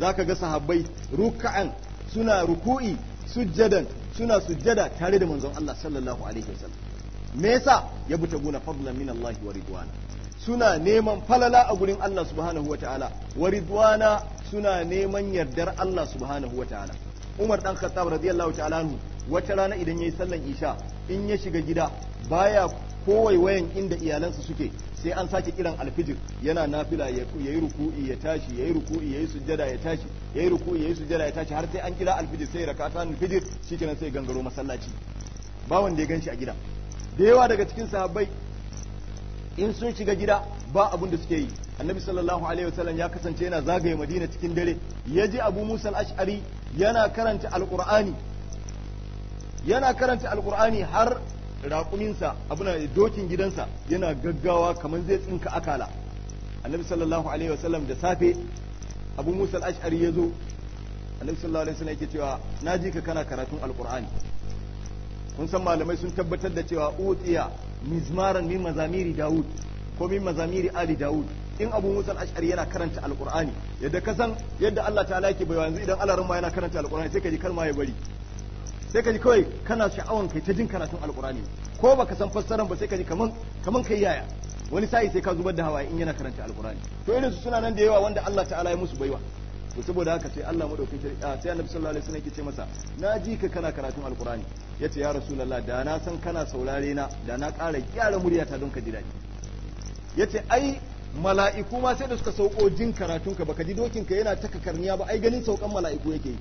Speaker 1: zaka ga sahabbai ruk'an suna ruku'i sujjadan suna sujjada tare da manzon Allah sallallahu alaihi wasallam me yasa ya buta guna fadlan min Allah wa ridwana suna neman falala a gurin Allah subhanahu wa ta'ala wa ridwana suna neman yardar Allah subhanahu wa ta'ala Umar dan Khattab radiyallahu ta'ala anhu wata rana idan yayi sallan isha in ya shiga gida baya wayan inda iyalansa suke sai an sake kiran alfijir yana nafila ya yi ruku'i ya tashi ya yi ruku'i ya yi sujjada ya tashi ya ruku'i ya sujjada ya tashi har sai an kira alfijir sai rakata alfijir shikenan sai gangaro masallaci ba wanda ya ganshi a gida da yawa daga cikin sahabbai in sun shiga gida ba abin da suke yi annabi sallallahu alaihi wasallam ya kasance yana zagaye madina cikin dare ya ji abu musa al-ash'ari yana karanta alqur'ani yana karanta alqur'ani har raƙuminsa Abuna dokin gidansa yana gaggawa kamar zai tsinka akala annabi sallallahu alaihi wasallam da safe abu musa al-ash'ari ya zo annabi sallallahu alaihi wasallam yake cewa na ji ka kana karatun alqur'ani kun san malamai sun tabbatar da cewa utiya mizmaran min mazamiri daud ko min mazamiri ali daud in abu musa al-ash'ari yana karanta alqur'ani yadda ka san yadda Allah ta'ala yake bai yanzu idan Allah ma yana karanta alqur'ani sai ka ji kalma ya bari sai ka ji kawai kana sha'awan kai ta jin karatun alqur'ani ko baka san fassaran ba sai ka ji kaman kaman kai yaya wani sa'i sai ka zubar da hawaye in yana karanta alqur'ani to irin su suna nan da yawa wanda Allah ta'ala ya musu baiwa to saboda haka sai Allah madaukakin sai Annabi sallallahu alaihi wasallam yake ce masa na ji ka kana karatu alqur'ani yace ya rasulullah da na san kana saurare na da na ƙara gyara muryata don ka ji daɗi yace ai mala'iku ma sai da suka sauko jin karatun ka baka ji dokin ka yana ta kakarniya ba ai ganin saukan mala'iku yake yi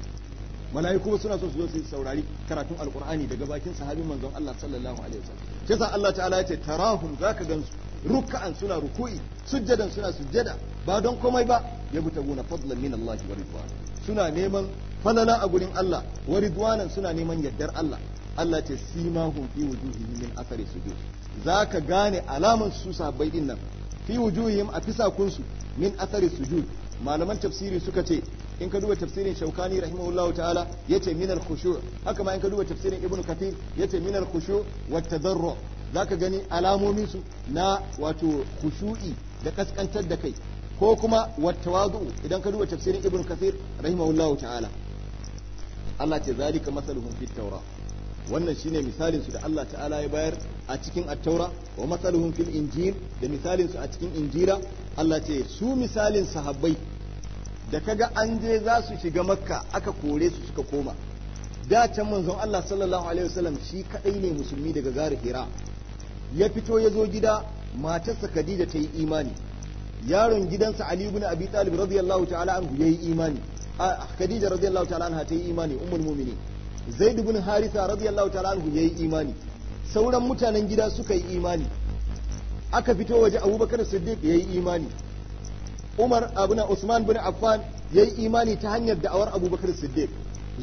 Speaker 1: mala'iku ba suna so su zo su saurari karatun alqur'ani daga bakin sahabin manzon Allah sallallahu alaihi wasallam sai Allah ta'ala yace tarahum zaka gansu ruka'an suna ruku'i sujjadan suna sujjada ba don komai ba ya buta guna fadlan min Allah wa ridwan suna neman falala a gurin Allah wa ridwanan suna neman yaddar Allah Allah ce simahum fi wujuhihim min athari sujud zaka gane alaman su sabai din nan fi wujuhihim a fisakun su min athari sujud malaman tafsiri suka ce in ka duba tafsirin shaukani rahimahullahu ta'ala yace min al-khushu' haka ma in ka duba tafsirin ibn kathir yace min al-khushu' wat tadarru Za ka gani alamomin su na wato kushu'i da kaskantar da kai ko kuma wattawazu idan ka duba tafsirin ibn kathir rahimahullahu ta'ala Allah ce zalika masaluhum fit tawra wannan shine misalin su da Allah ta'ala ya bayar a cikin at-taura wa masaluhum fil injil da misalin su a cikin injila Allah ce su misalin sahabbai da kaga an je za su shiga makka aka kore su suka koma da can manzon Allah sallallahu alaihi wasallam shi kadai ne musulmi daga gari hira ya fito ya zo gida matarsa Khadija ta yi imani yaron gidansa Ali ibn Abi Talib radiyallahu ta'ala anhu yayi imani Khadija radiyallahu ta'ala anha ta yi imani ummul mu'minin Zaid ibn Haritha radiyallahu ta'ala anhu yayi imani sauran mutanen gida suka yi imani aka fito waje Abubakar Siddiq yayi imani Umar ibn Usman ibn Affan yayi imani ta hanyar da'awar Abubakar Siddiq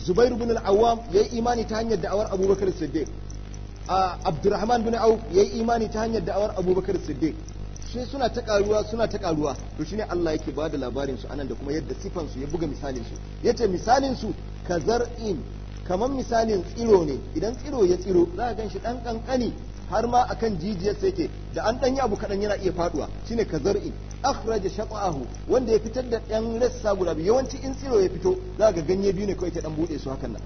Speaker 1: Zubair ibn al-Awwam yayi imani ta hanyar da'awar Abubakar Siddiq abdurrahman bin auf ya yi imani ta hanyar da'awar abubakar siddiq shi suna ta karuwa suna ta karuwa to shine Allah yake bada labarin su anan da kuma yadda sifan su ya buga misalin su yace misalin su kazar'in kaman misalin tsiro ne idan tsiro ya tsiro za ka ganshi dan kankani har ma akan jijiyar sa yake da an dan yi abu kadan yana iya faduwa shine kazar'in akhraja shaqahu wanda ya fitar da dan rassa guda biyu yawanci in tsiro ya fito za ka ganye biyu ne kawai ta dan bude su hakan nan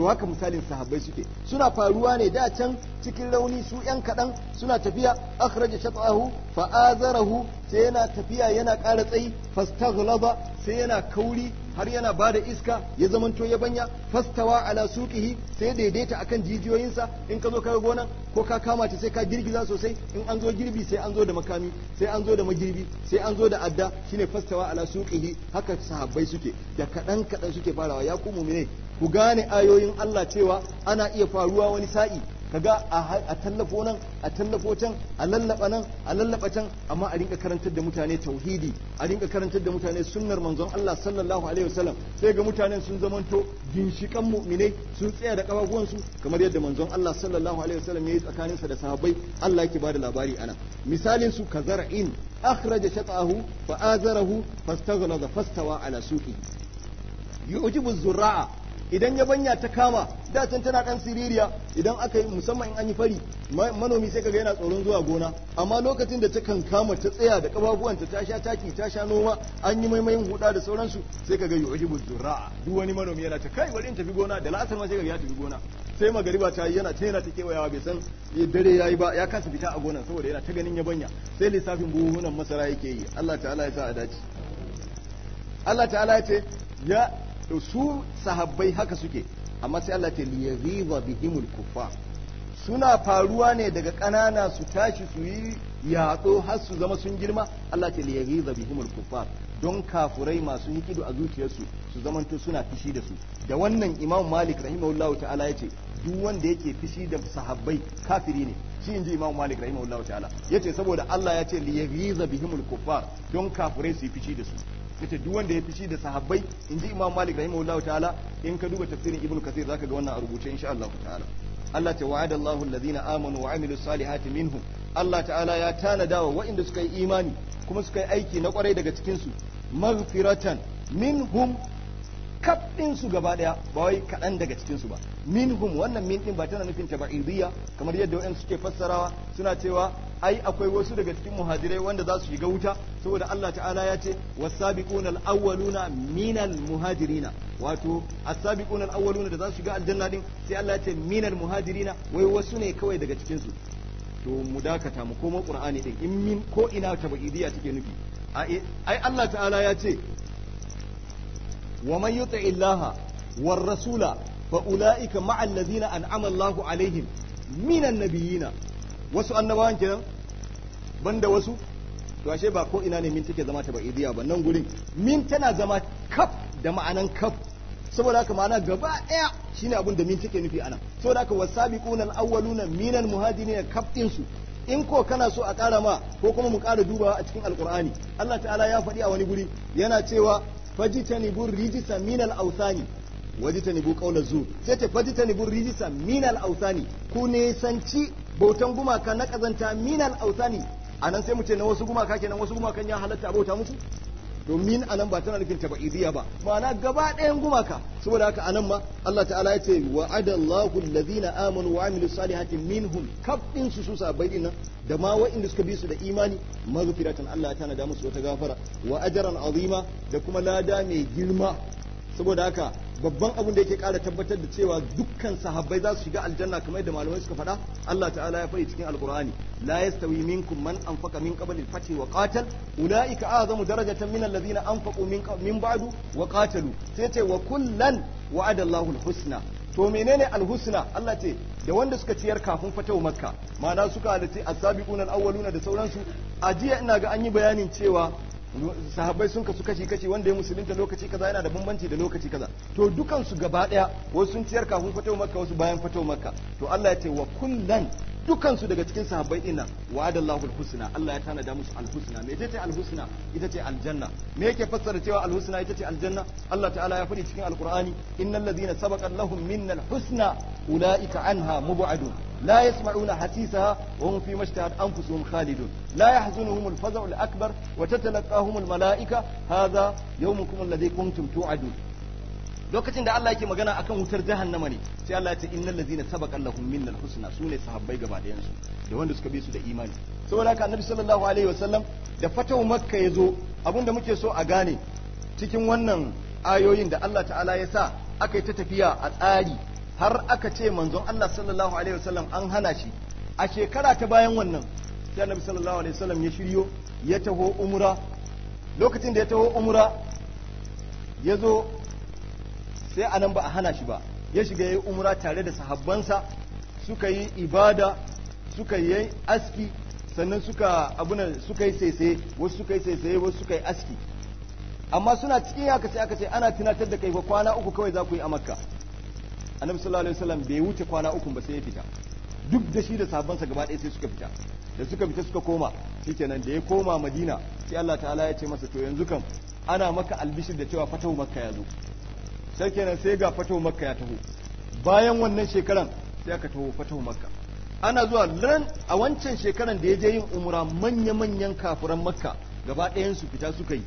Speaker 1: to haka misalin sahabbai suke suna faruwa ne da can cikin rauni su yan kaɗan suna tafiya akhraja shat'ahu fa azarahu sai yana tafiya yana ƙara tsayi fastaghlaba sai yana kauri har yana ba da iska ya zamanto ya banya fastawa ala suqihi sai daidaita akan jijiyoyinsa in ka zo ka gonan ko ka kama ta sai ka girgiza sosai in an zo girbi sai an zo da makami sai an zo da magirbi sai an zo da adda shine fastawa ala suqihi haka sahabbai suke da kadan kadan suke farawa ya ku mu'mine ku gane ayoyin Allah cewa ana iya faruwa wani sa'i kaga a tallafo nan a tallafo can a lallaba nan a lallaba can amma a rinka karantar da mutane tauhidi a rinka karantar da mutane sunnar manzon Allah sallallahu alaihi wasallam sai ga mutanen sun zamanto ginshikan mu'minai sun tsaya da kafafuwan su kamar yadda manzon Allah sallallahu alaihi wasallam yayi tsakanin sa da sahabbai Allah yake bada labari ana misalin su kazar'in akhraja shat'ahu fa azarahu fastaghlaza fastawa ala suqi yu'jibu zurraa idan yabanya ta kama da can tana dan siririya idan aka yi musamman in an yi fari manomi sai kaga yana tsoron zuwa gona amma lokacin da ta kan kama ta tsaya da kafafuwanta ta sha taki ta sha noma an yi maimayin huda da sauransu sai kaga yuhibu zurra duk wani manomi yana ta kai wani in tafi gona da la'asar ma sai kaga ya tafi gona sai magariba ta yi yana ta yana ta kewayawa bai san dare ya yi ba ya kasa fita a gonan saboda yana ta ganin yabanya sai lissafin buhunan masara yake yi Allah ta'ala ya sa a dace Allah ta'ala ya ce ya su sahabbai haka suke amma sai Allah ta wa bihimul kufa suna faruwa ne daga ƙanana su tashi su yi yaɗo har su zama sun girma Allah ta wa bihimul kufa don kafurai masu hikidu a zuciyarsu su zamanto suna fishi da su da wannan Imam Malik rahimahullahu ta'ala yace duk wanda yake fishi da sahabbai kafiri ne shi inji Imam Malik rahimahullahu ta'ala yace saboda Allah yace ce wa bihimul kuffar don kafurai su fishi da su yace duk wanda ya fishi da sahabbai inji imam malik rahimahullahu ta'ala in ka duba tafsirin ibnu kasir zaka ga wannan a rubuce insha Allah ta'ala Allah ta wa'ada Allahu alladhina amanu wa amilu salihati minhum Allah ta'ala ya tanada wa waɗanda suka yi imani kuma suka yi aiki na kwarai daga cikin su maghfiratan minhum kaf su gaba daya ba wai kaɗan daga cikinsu ba minhum wannan min din ba tana nufin taba'idiyya kamar yadda wayan suke fassarawa suna cewa ai akwai wasu daga cikin muhajirai wanda za su shiga wuta saboda Allah ta'ala ya ce wasabiquna al-awwaluna minal muhajirina wato as-sabiquna awwaluna da za su shiga aljanna din sai Allah ya ce minal muhajirina wai wasu ne kawai daga cikinsu to mu dakata mu koma qur'ani din in min ko ina taba'idiyya take nufi ai Allah ta'ala ya ce ومن يطع الله والرسول فأولئك مع الذين أنعم الله عليهم من النبيين wasu annabawan kenan banda wasu to ashe ba ko ina ne min take zama ta ba'idiyya ba nan gurin min tana zama kaf da ma'anan kaf saboda haka ma'ana gaba ɗaya shine abin da min take nufi ana saboda haka wasabiquna alawwaluna minal muhajirin kaf din su in ko kana so a ƙara ma ko kuma mu ƙara dubawa a cikin alƙur'ani Allah ta'ala ya faɗi a wani guri yana cewa fajitanibu rijisa minal al wajitanibu qawla zur sai ta fajitanibu rijisa minal al ku ne sanci bautan gumaka na kazanta minal al anan sai mu ce na wasu gumaka kenan wasu gumakan ya halatta bauta musu domin anan ba tana nufin tabaidiyya ba ma'ana gaba ɗayan gumaka saboda haka anan ma Allah ta'ala ya ce wa'adallahu allazina amanu wa amilu salihati minhum kaf din su su sabai din da ma wa'inda suka bi su da imani maghfiratan Allah ya tana da musu wata gafara wa ajran azima da kuma lada mai girma saboda haka babban abin da yake kara tabbatar da cewa dukkan sahabbai za su shiga aljanna kamar yadda malamai suka faɗa Allah ta'ala ya faɗi cikin alqur'ani la yastawi minkum man anfaqa min qabli al-fath wa qatal ulaika a'zamu darajatan min alladhina anfaqu min min ba'du wa qatalu sai ce wa kullan wa'ada Allahu al-husna to menene al-husna Allah ce da wanda suka ciyar kafin fatawa makka ma'ana suka halitta as-sabiquna al-awwaluna da sauransu a jiya ina ga an yi bayanin cewa sahabbai sun kasu kashi kashi wanda ya musulunta lokaci kaza yana da bambanci da lokaci kaza to dukan su gaba daya wasu sun ciyar kafin fata makka wasu bayan fata makka to Allah ya ce wa kullan dukan su daga cikin sahabbai dinnan wa'adallahu alhusna Allah ya tanada musu alhusna me ce alhusna ita ce aljanna me yake fassara cewa alhusna ita ce aljanna Allah ta'ala ya faɗi cikin alqur'ani innal ladina sabaqat lahum minnal husna ulaika anha mub'adun لا يسمعون حسيسها وهم في ما اشتهت أنفسهم خالدون لا يحزنهم الفزع الأكبر وتتلقاهم الملائكة هذا يومكم الذي كنتم توعدون lokacin da Allah yake magana akan wutar jahannama ne sai Allah ya ce innal ladzina sabaqa lahum minnal husna sune sahabbai gaba da yansu da wanda suka bi su da imani saboda haka annabi sallallahu alaihi wasallam da makka yazo abinda muke so a gane cikin wannan ayoyin da Allah ta'ala ya sa aka yi ta tafiya a tsari har aka ce manzon Allah sallallahu alaihi wasallam an hana shi a shekara ta bayan wannan sai annabi sallallahu alaihi wasallam ya shiryo ya taho umra lokacin da ya taho umra ya zo sai anan ba a hana shi ba ya shiga ya yi umra tare da sahabbansa suka yi ibada suka yi aski sannan suka abuna suka yi saisaye wasu suka yi saisaye wasu suka yi aski amma suna cikin haka sai aka ce ana tunatar da kai ba kwana uku kawai za ku yi a makka annabi sallallahu alaihi wasallam bai wuce kwana uku ba sai ya fita duk da shi da sabansa gaba ɗaya sai suka fita da suka fita suka koma shikenan da ya koma madina sai Allah ta'ala ya ce masa to yanzu kam ana maka albishir da cewa fatahu makka ya zo sai sai ga fatahu makka ya taho bayan wannan shekaran sai aka taho fatahu makka ana zuwa ran a wancan shekaran da ya je yin umra manya-manyan kafuran makka gaba ɗayan su fita suka yi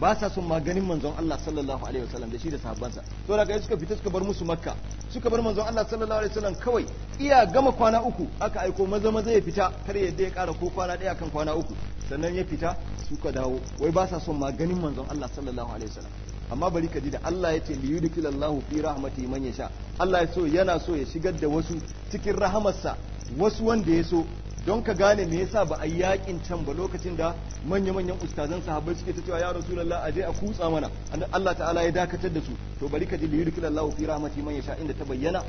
Speaker 1: ba sa son ganin manzon Allah sallallahu alaihi wasallam da shi da sahabbansa to da kai suka fita suka bar musu makka suka bar manzon Allah sallallahu alaihi wasallam kawai iya gama kwana uku aka aiko maza maza ya fita kar ya dai kara ko kwana ɗaya kan kwana uku sannan ya fita suka dawo wai ba sa son maganin manzon Allah sallallahu alaihi wasallam amma bari ka ji da Allah ya ce li yudkhilallahu fi rahmati man yasha Allah ya so yana so ya shigar da wasu cikin rahamarsa wasu wanda ya so don ka gane me yasa ba a yi yakin can ba lokacin da manya-manyan ustazan sahabbai suke ta cewa ya rasulullah a je a kutsa mana Allah ta'ala ya dakatar da su to bari ka ji li yudkhilallahu fi rahmati man yasha inda ta bayyana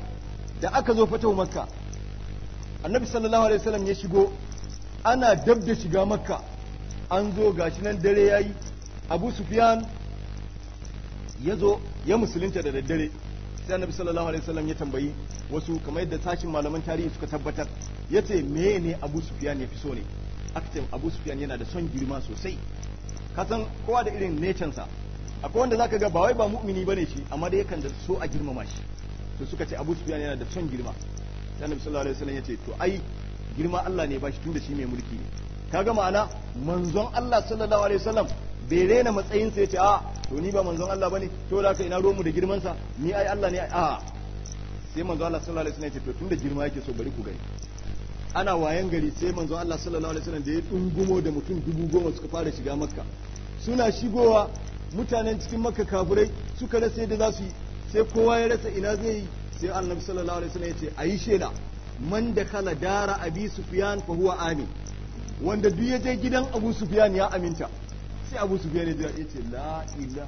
Speaker 1: da aka zo fatahu makka annabi sallallahu alaihi wasallam ya shigo ana dab da shiga makka an zo gashi nan dare yayi abu sufyan ya zo ya musulunta da daddare sai annabi sallallahu alaihi wasallam ya tambayi wasu kamar yadda sashin malaman tarihi suka tabbatar yace meye ne Abu Sufyan ya fi so ne aka ce Abu Sufyan yana da son girma sosai ka san kowa da irin necansa akwai wanda zaka ga ba wai ba mu'mini bane shi amma dai yakan da so a girmama shi to suka ce Abu Sufyan yana da son girma sai annabi sallallahu alaihi wasallam yace to ai girma Allah ne ba shi tunda shi mai mulki ne kaga ma'ana manzon Allah sallallahu alaihi wasallam bai rena matsayin sa ce a ah, to ni ba manzon Allah bane to da ka ina ruwan mu da girman sa ni ai Allah ne a sai manzon Allah sallallahu alaihi wasallam ya ce to tunda girma yake so bari ku gani ana wayan gari sai manzon Allah sallallahu alaihi wasallam da ya dungumo da mutum dubu goma suka fara shiga makka suna shigowa mutanen cikin makka kafirai suka rasa yadda za su yi sai kowa ya rasa ina zai yi sai annabi sallallahu alaihi wasallam ya ce ayi shela man da kala dara abi sufyan fa huwa amin wanda duk ya je gidan abu sufyan ya aminta sai abu su fiye da ya ce la'ila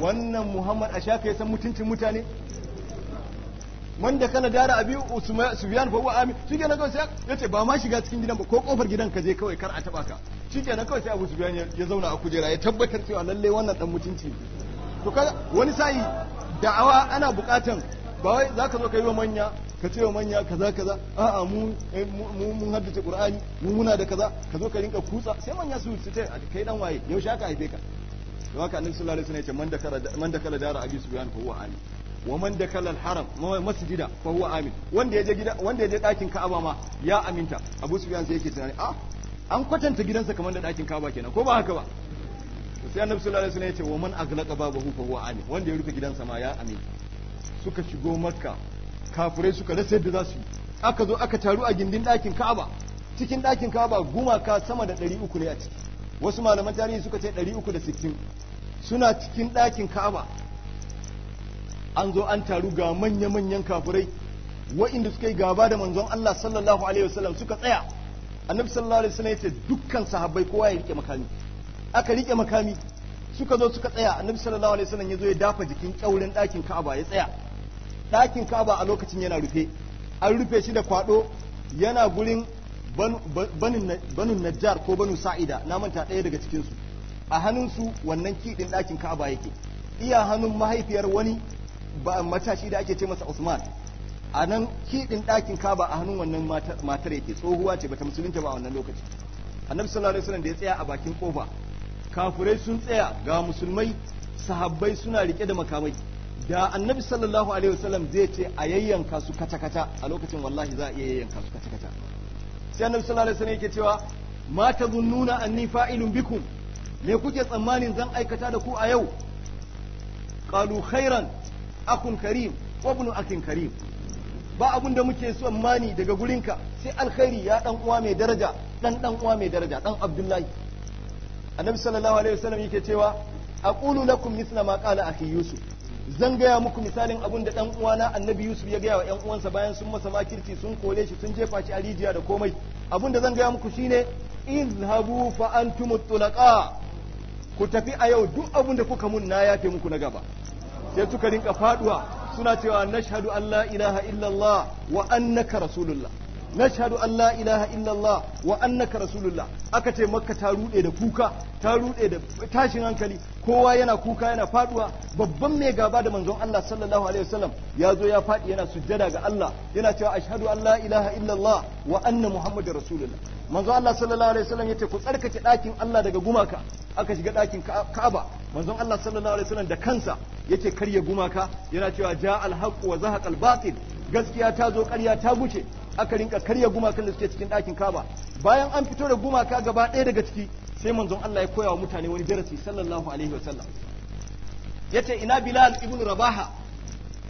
Speaker 1: wannan muhammad a shaka ya san mutuncin mutane wanda kana dara abi su biya huwa amin shi na kawai sai ya ce ba ma shiga cikin gidan ba ko kofar gidan ka je kawai kar a taba ka shi na kawai sai abu su biya ya zauna a kujera ya tabbatar cewa lalle wannan dan mutunci to kaga wani sai da'awa ana bukatan ba wai zaka zo ka yi wa manya ka ce wa manya kaza kaza a'a eh, mu mun haddace qur'ani mu muna da kaza ka zo ka rinka kutsa sai manya su su ce kai dan waye yaushe aka haife ka to haka annabi sallallahu alaihi wasallam ya ce man kala man dakala dara abi subhan fa huwa amin wa man da kala haram masjida fa huwa amin wanda yaje gida wanda yaje dakin ka'aba ma ya aminta abu subhan sai yake tunani a ah, an kwatanta gidansa kamar da dakin ka'aba kenan ko ba haka ba sai annabi sallallahu alaihi wasallam ya ce wa man aghlaqa babahu fa huwa amin wanda ya rufe gidansa ma ya aminta suka shigo makka kafirai suka rasa yadda za su yi aka zo aka taru a gindin ɗakin ka'aba cikin ɗakin ka'aba gumaka sama da ɗari uku ne a ciki wasu malaman tarihi suka ce ɗari uku da sittin suna cikin ɗakin ka'aba an zo an taru ga manya-manyan kafirai wa'inda suka yi gaba da manzon Allah sallallahu alaihi wasallam suka tsaya annabi sallallahu alaihi wasallam yace dukkan sahabbai kowa ya rike makami aka rike makami suka zo suka tsaya annabi sallallahu alaihi wasallam ya zo ya dafa jikin kyaurin ɗakin ka'aba ya tsaya ɗakin ka'aba a lokacin yana rufe an rufe shi da kwaɗo yana gurin banin najjar ko banin sa'ida na manta ɗaya daga cikinsu a hannunsu wannan kiɗin ɗakin ka'aba yake iya hannun mahaifiyar wani ba matashi da ake ce masa usman a nan kiɗin ɗakin ka'aba a hannun wannan matar yake tsohuwa ce bata musulunta ba a wannan lokaci annabi sallallahu alaihi wasallam da ya tsaya a bakin kofa kafurai sun tsaya ga musulmai sahabbai suna rike da makamai da annabi sallallahu alaihi wasallam zai ce a yayyanka su kata-kata a lokacin wallahi za a iya yayyanka su kata-kata sai annabi sallallahu alaihi wasallam yake cewa ma tazunnuna anni fa'ilun bikum me kuke tsammanin zan aikata da ku a yau qalu khairan akun karim wa ibnu akin karim ba abun da muke tsammani daga gurinka sai alkhairi ya dan uwa mai daraja dan dan uwa mai daraja dan abdullahi annabi sallallahu alaihi wasallam yake cewa aqulu lakum mithla ma qala akhi yusuf zan gaya muku misalin abun da ɗan uwana annabi yusuf ya gaya wa yan uwansa bayan sun masa makirci sun kore shi sun jefa shi a rijiya da komai abun da zan gaya muku shine in habu fa antum tulaqa ku tafi a yau duk abun da kuka mun na yafe muku na gaba sai suka rinka faduwa suna cewa nashhadu an la ilaha illallah wa annaka rasulullah nashhadu an la ilaha illallah wa annaka rasulullah aka ce makka ta rude da kuka ta rude da tashin hankali kowa yana kuka yana faduwa babban mai gaba da manzon Allah sallallahu alaihi wasallam ya zo ya fadi yana sujjada ga Allah yana cewa ashhadu an la ilaha illallah wa anna muhammadar rasulullah manzon Allah sallallahu alaihi wasallam yace ku tsarkake dakin Allah daga gumaka aka shiga dakin Ka'aba manzon Allah sallallahu alaihi wasallam da kansa yace karya gumaka yana cewa ja al-haqq wa zahaqa al-batil gaskiya ta zo karya ta guce aka rinka karya gumakan da suke cikin ɗakin kaba bayan an fito da gumaka gaba ɗaya daga ciki sai manzon Allah ya koya wa mutane wani darasi sallallahu alaihi wasallam yace ina Bilal ibn Rabaha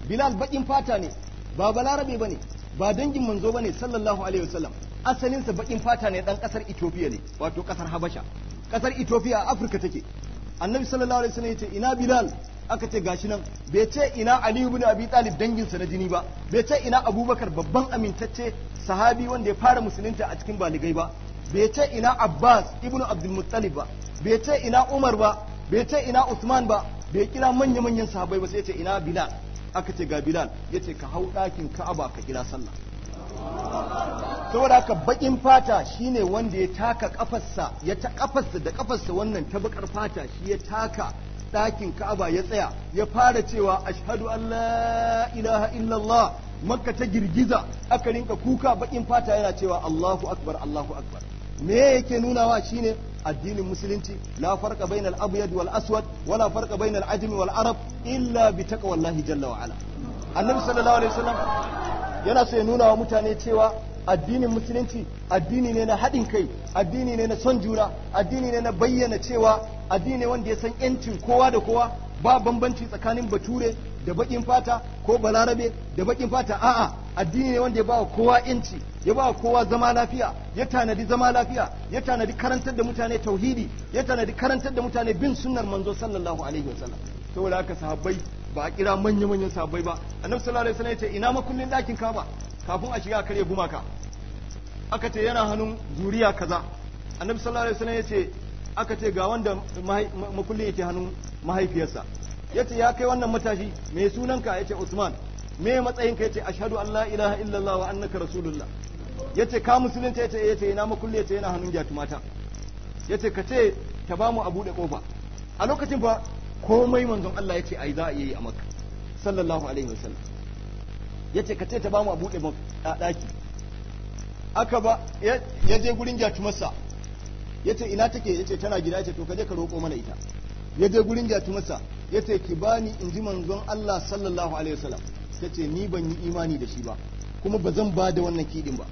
Speaker 1: Bilal bakin fata ne ba balarabe bane ba dangin manzo bane sallallahu alaihi wasallam asalinsa bakin fata ne dan kasar Ethiopia ne wato kasar Habasha kasar Ethiopia a Afirka take annabi sallallahu alaihi wasallam yace ina Bilal aka ce gashi nan bai ce ina Ali ibn Abi Talib danginsa na jini ba bai ce ina Abubakar babban amintacce sahabi wanda ya fara musulunta a cikin baligai ba bai ce ina Abbas ibn Abdul ba bai ce ina Umar ba bai ce ina usman ba bai kira manya manyan sahabbai ba sai ce ina Bilal aka ce ga Bilal yace ka hau ɗakin Ka'aba ka kira sallah saboda haka bakin fata shine wanda ya taka kafarsa ya ta kafarsa da kafarsa wannan ta bakar fata shi ya taka ɗakin Ka'aba ya tsaya ya fara cewa ashhadu an la illallah makka ta girgiza aka rinka kuka bakin fata yana cewa Allahu akbar Allahu akbar me yake wa shine addinin musulunci la farqa bainal abyad wal aswad wala farqa bainal ajm wal arab illa bi taqwallahi jalla wa ala annabi sallallahu alaihi wasallam yana so ya nuna wa mutane cewa addinin musulunci addini ne na haɗin kai addini ne na son juna addini ne na bayyana cewa addini ne wanda ya san yancin kowa da kowa ba bambanci tsakanin bature da bakin fata ko balarabe da bakin fata a'a addini ne wanda ya ba kowa yanci ya ba kowa zama lafiya ya tanadi zama lafiya ya tanadi karantar da mutane tauhidi ya tanadi karantar da mutane bin sunnar manzo sallallahu alaihi wasallam saboda haka sahabbai ba a kira manya manyan sahabbai ba annabi sallallahu alaihi wasallam ya ce ina makullin dakin kaba kafin a shiga karya gumaka aka ce yana hannun zuriya kaza annabi sallallahu alaihi wasallam ya ce aka ce ga wanda makullin yake hannun mahaifiyarsa yace ya kai wannan matashi me sunanka yace Usman me matsayinka yace ashadu an ilaha illallah wa annaka rasulullah yace ka musulunta yace eh, yace ina makulli ce yana hannun ya yace ka ce ta bamu a bude ƙofa a lokacin fa komai manzon Allah yace ai za a yi a maka sallallahu alaihi wasallam yace ka ce ta bamu a bude daki aka ba ya je gurin jatumarsa yace ina take yace tana gida ce to ka je ka roƙo mana ita ya je gurin masa ya ce ki bani in ji manzon Allah sallallahu alaihi wasallam ta ce ni ban yi imani da shi ba kuma ba zan ba da wannan kiɗin ba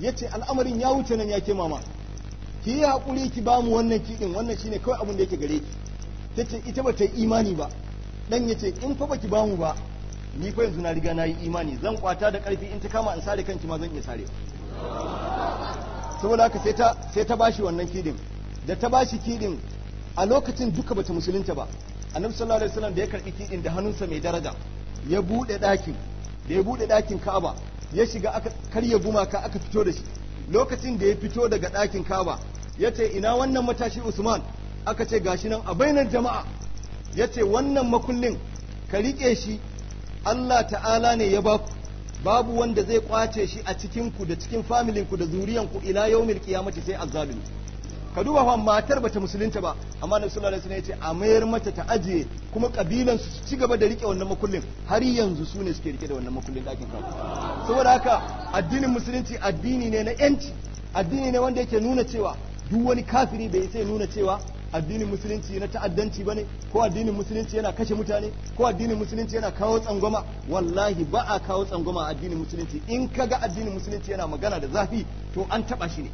Speaker 1: ya ce al'amarin ya wuce nan ya ke mama ki yi haƙuri ki ba mu wannan kiɗin wannan shine kawai abin da yake gare ki ta ce ita ba ta yi imani ba dan ya ce in fa ki ba mu ba ni fa yanzu na riga na yi imani zan kwata da ƙarfi in ta kama in sare kanki ma zan iya sare saboda haka sai ta sai ta bashi wannan kidin da ta bashi kidin a lokacin duka bata musulunta ba annabi sallallahu alaihi wasallam da ya karbi kidin da hannunsa mai daraja ya bude dakin da ya bude dakin Ka'aba ya shiga aka karya gumaka aka fito da shi lokacin da ya fito daga dakin Ka'aba ce ina wannan matashi Usman aka ce gashi nan a bainar jama'a ya ce wannan makullin ka rike shi Allah ta'ala ne ya baku babu wanda zai kwace shi a cikinku da cikin familinku da zuriyanku ila yaumil qiyamati sai azzalimi ka duba fa matar bata musulunta ba amma nabi sallallahu alaihi wasallam yace a mayar mata ta ajiye kuma kabilan su ci gaba da rike wannan makullin har yanzu su ne suke rike da wannan makullin dakin kawo saboda haka addinin musulunci addini ne na yanci addini ne wanda yake nuna cewa duk wani kafiri bai sai nuna cewa addinin musulunci na ta'addanci bane ko addinin musulunci yana kashe mutane ko addinin musulunci yana kawo tsangwama wallahi ba a kawo tsangwama addinin musulunci in kaga addinin musulunci yana magana da zafi to an taba shi ne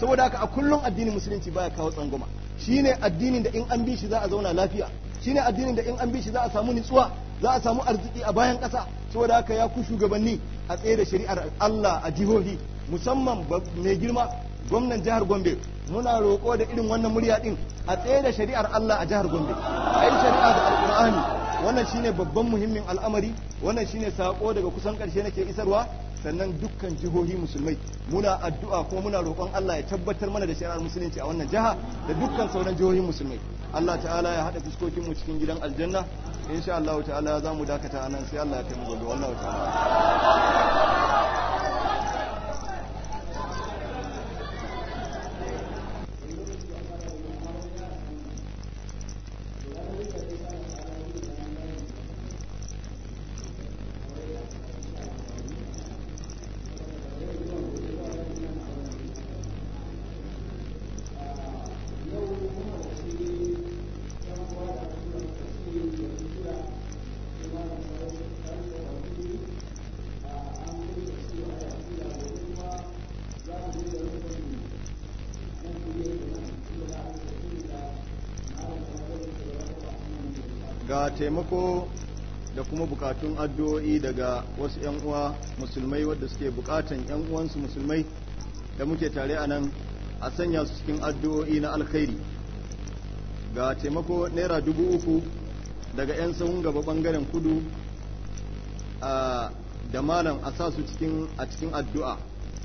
Speaker 1: saboda haka a kullum addinin musulunci baya kawo tsangwama shine addinin da in an bi shi za a zauna lafiya shine addinin da in an bi shi za a samu nutsuwa za a samu arziki a bayan ƙasa saboda haka ya ku shugabanni a tsaye da shari'ar Allah a jihohi musamman mai girma gwamnan jihar Gombe muna roƙo da irin wannan murya din a tsaye da shari'ar Allah a jihar Gombe ai shari'a da alkur'ani wannan shine babban muhimmin al'amari wannan shine sako daga kusan ƙarshe ke isarwa sannan dukkan jihohi musulmai muna addu'a ko muna roƙon Allah ya tabbatar mana da shari'ar musulunci a wannan jiha da dukkan sauran jihohin musulmai Allah ta'ala ya haɗa fuskokin mu cikin gidan aljanna insha Allah ta'ala za mu dakata anan sai Allah ya kai mu gobe wallahi ta'ala a taimako da kuma bukatun addu'o'i daga wasu 'yan uwa musulmai wadda suke bukatan 'yan uwansu musulmai da muke tare a nan a sanya su cikin addu'o'i na alkhairi ga taimako naira dubu uku daga 'yan sahun gaba bangaren kudu da malam a sa su cikin a cikin addu'a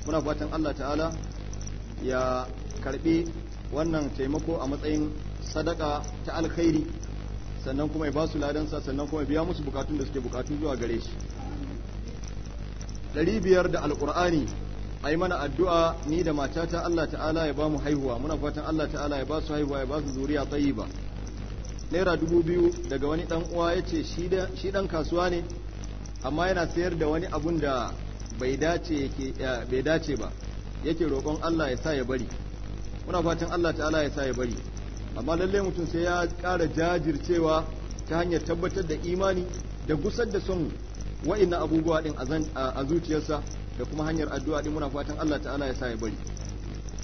Speaker 1: muna fatan allah ta'ala ya karbi wannan taimako a matsayin sadaka ta alkhairi sannan kuma ya ba su ladansa sannan kuma ya biya musu bukatun da suke bukatu zuwa gare shi ɗari biyar da alƙur'ani a yi mana addu'a ni da matata Allah ta'ala ya ba mu haihuwa muna fatan Allah ta'ala ya ba su haihuwa ya ba su zuriya tsayi ba naira dubu biyu daga wani ɗan uwa ya ce shi ɗan kasuwa ne amma yana sayar da wani abun da bai dace ba yake roƙon Allah ya sa ya bari muna fatan Allah ta'ala ya sa ya bari amma lallai mutum sai ya kara jajircewa ta hanyar tabbatar da imani da gusar da son wa'innan abubuwa din a zuciyarsa da kuma hanyar addu'a din muna fatan Allah ta'ala ya sa ya bari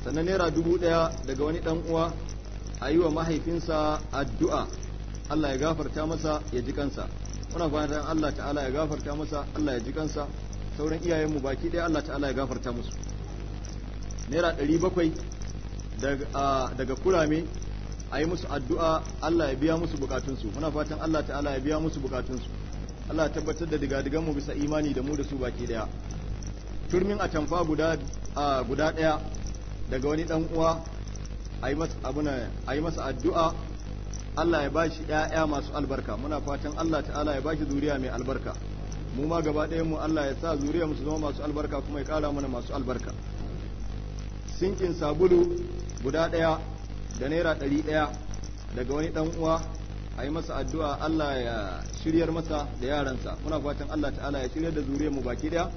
Speaker 1: sannan naira dubu ɗaya daga wani dan uwa a yi wa mahaifinsa addu'a Allah ya gafarta masa ya ji kansa muna fatan Allah ta'ala ya gafarta masa Allah ya ji kansa sauran iyayenmu baki ɗaya Allah ta'ala ya gafarta musu naira ɗari bakwai daga kurame a yi musu addu'a Allah ya biya musu bukatunsu muna fatan Allah ta'ala ya biya musu bukatunsu Allah tabbatar da digadiganmu bisa imani da mu da su baki daya turmin a tamfa guda daya daga wani dan uwa a yi masa addu'a Allah ya bashi ‘ya’ya masu albarka muna fatan Allah ta'ala ya bashi zuriya mai albarka mu ma gaba ɗayan mu Allah ya sa zuriya musu zama masu albarka kuma ya kara mana masu albarka sinkin sabulu guda daya. da naira ɗari ɗaya daga wani ɗan uwa a yi masa addu'a Allah ya shiryar masa da yaransa muna fatan Allah ta'ala ya shiryar da zuriyar mu baki ɗaya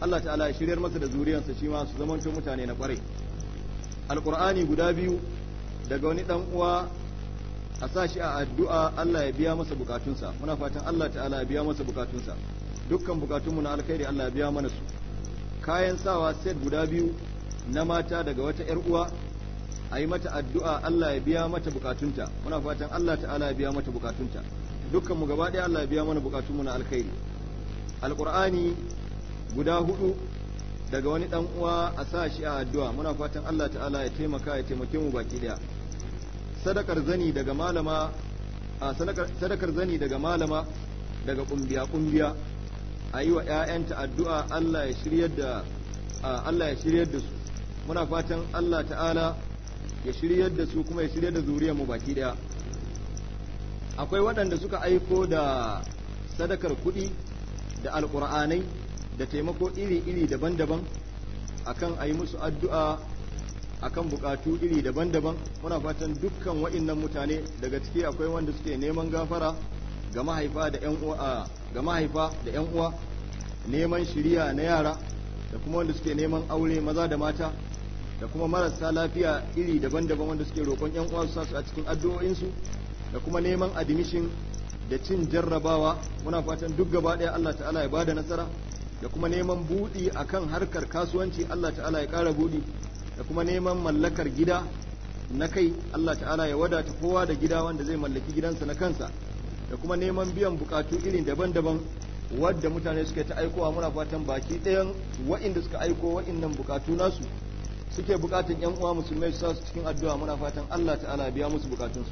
Speaker 1: Allah ta'ala ya shiryar masa da zuriyarsa shi ma su zamanto mutane na ƙware alƙur'ani guda biyu daga wani ɗan uwa a sa shi a addu'a Allah ya biya masa bukatunsa muna fatan Allah ta'ala ya biya masa bukatunsa dukkan bukatunmu na alkhairi Allah ya biya mana su kayan sawa set guda biyu na mata daga wata ‘yar uwa a yi mata addu'a Allah ya biya mata bukatunta muna fatan Allah ta'ala ya biya mata bukatunta dukkan mu gaba ɗaya Allah ya biya mana bukatunmu na alkhairi alqur'ani guda hudu daga wani dan uwa a sa shi a addu'a muna fatan Allah ta'ala ya taimaka ya taimake mu baki daya sadakar zani daga malama a sadakar zani daga malama daga kumbiya kumbiya a yi wa 'ya'yanta addu'a Allah ya shiryar da Allah ya shiryar da su muna fatan Allah ta'ala ya shiryar da su kuma ya shiryar da zuriyar mu baki daya akwai waɗanda suka aiko da sadakar kuɗi da alƙur'anai da taimako iri-iri daban-daban akan a yi musu addu'a akan bukatu iri daban-daban muna fatan dukkan waɗannan mutane daga ciki akwai wanda suke neman gafara ga mahaifa da yan uwa neman shiriya na yara da kuma wanda suke neman aure maza da mata da kuma marasa lafiya iri daban-daban wanda suke roƙon yan uwa su a cikin addu'o'insu da kuma neman admission da cin jarrabawa muna fatan duk gaba ɗaya Allah ta'ala ya bada nasara da kuma neman buɗi akan harkar kasuwanci Allah ta'ala ya ƙara buɗi da kuma neman mallakar gida na kai Allah ta'ala ya wadata kowa da gida wanda zai mallaki gidansa na kansa da kuma neman biyan bukatu irin daban-daban wadda mutane suka ta aikowa muna fatan baki ɗayan wa'inda suka aiko wa'innan bukatu nasu suke bukatun yan uwa musulmai su sasu cikin addu'a muna fatan Allah ta'ala biya musu su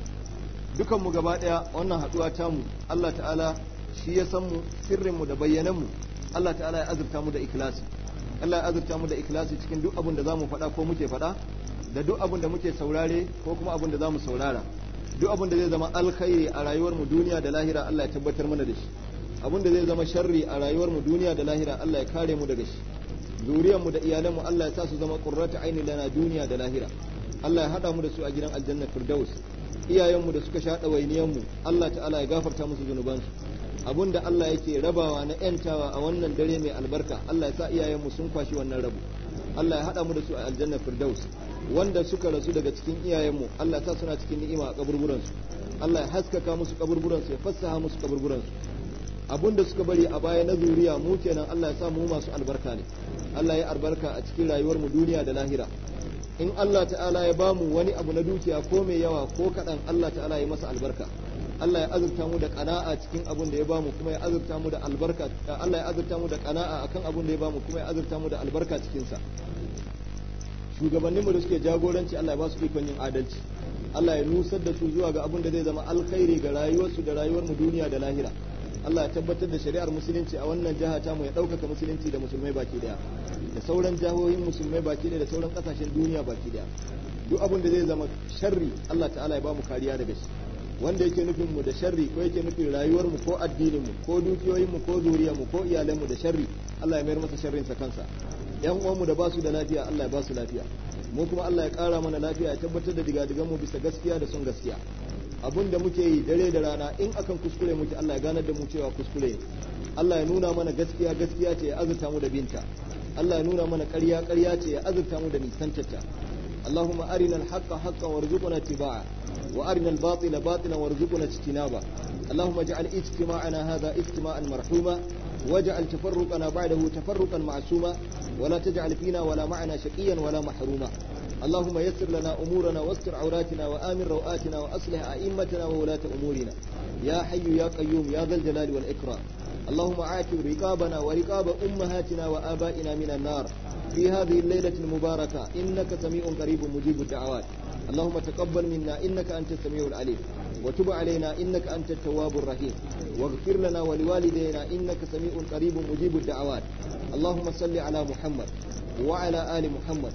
Speaker 1: dukan mu gaba daya wannan haduwa ta mu Allah ta'ala shi ya san mu sirrin mu da bayyanan mu Allah ta'ala ya azurta mu da ikhlasi Allah ya azurta mu da ikhlasi cikin duk abin da zamu faɗa ko muke faɗa da duk abin da muke saurare ko kuma abin da zamu saurara duk abin da zai zama alkhairi a rayuwar mu duniya da lahira Allah ya tabbatar mana da shi abin da zai zama sharri a rayuwar mu duniya da lahira Allah ya kare mu daga shi mu da iyalanmu Allah ya sa su zama qurratu aini lana duniya da lahira Allah ya hada mu da su a gidan aljanna firdaus iyayenmu da suka sha mu Allah ta'ala ya gafarta musu zunubansu abun da Allah yake rabawa na ‘yantawa a wannan dare mai albarka Allah ya sa iyayenmu sun kwashi wannan rabu Allah ya haɗa mu da su a aljanna firdaus wanda suka rasu daga cikin iyayenmu Allah ya sa suna cikin ni'ima a kaburburansu Allah ya haskaka musu kaburburansu ya fassaha musu kaburburansu abun da suka bari a baya na zuriya mu kenan Allah ya sa mu masu albarka ne Allah ya albarka a cikin rayuwar mu duniya da lahira in Allah ta'ala ya bamu wani abu na dukiya ko mai yawa ko kaɗan Allah ta'ala ya masa albarka Allah ya azurta mu da kana'a cikin abin da ya bamu kuma ya azurta mu da albarka Allah ya azurta mu da kana'a akan abin da ya bamu kuma ya azurta mu da albarka cikin sa mu da suke jagoranci Allah ya ba su ikon yin adalci Allah ya nusar da su zuwa ga abin da zai zama alkhairi ga rayuwarsu da rayuwar mu duniya da lahira Allah ya tabbatar da shari'ar musulunci a wannan jiha ta mu ya ɗaukaka musulunci da musulmai baki daya da sauran jihohin musulmai baki daya da sauran ƙasashen duniya baki daya duk abin da zai zama sharri Allah ta'ala ya ba mu kariya daga shi wanda yake nufin mu da sharri ko yake nufin rayuwar mu ko addinin mu ko dukiyoyin mu ko zuriyar mu ko iyalan mu da sharri Allah ya mayar masa sharrin sa kansa yan uwan mu da basu da lafiya Allah ya basu lafiya mu kuma Allah ya ƙara mana lafiya ya tabbatar da digadigan mu bisa gaskiya da sun gaskiya abun da muke yi dare da rana in akan kuskure muke Allah ya ganar da mu cewa kuskure Allah ya nuna mana gaskiya gaskiya ce ya azurta mu da binta Allah ya nuna mana ƙarya ƙarya ce ya azurta mu da nisantata Allahumma arina al-haqqa haqqan warzuqna tibaa wa arina al-batila batilan warzuqna ijtinaba Allahumma ij'al ijtima'ana hadha ijtima'an marhuma waj'al tafarruqana ba'dahu tafarruqan ma'suma wa la taj'al fina wa la ma'ana shaqiyan wa la mahruma اللهم يسر لنا أمورنا واستر عوراتنا وآمن روآتنا وأصلح أئمتنا وولاة أمورنا يا حي يا قيوم يا ذا الجلال والإكرام اللهم عاتب رقابنا ورقاب أمهاتنا وآبائنا من النار في هذه الليلة المباركة إنك سميع قريب مجيب الدعوات اللهم تقبل منا إنك أنت السميع العليم وتب علينا إنك أنت التواب الرحيم واغفر لنا ولوالدينا إنك سميع قريب مجيب الدعوات اللهم صل على محمد وعلى آل محمد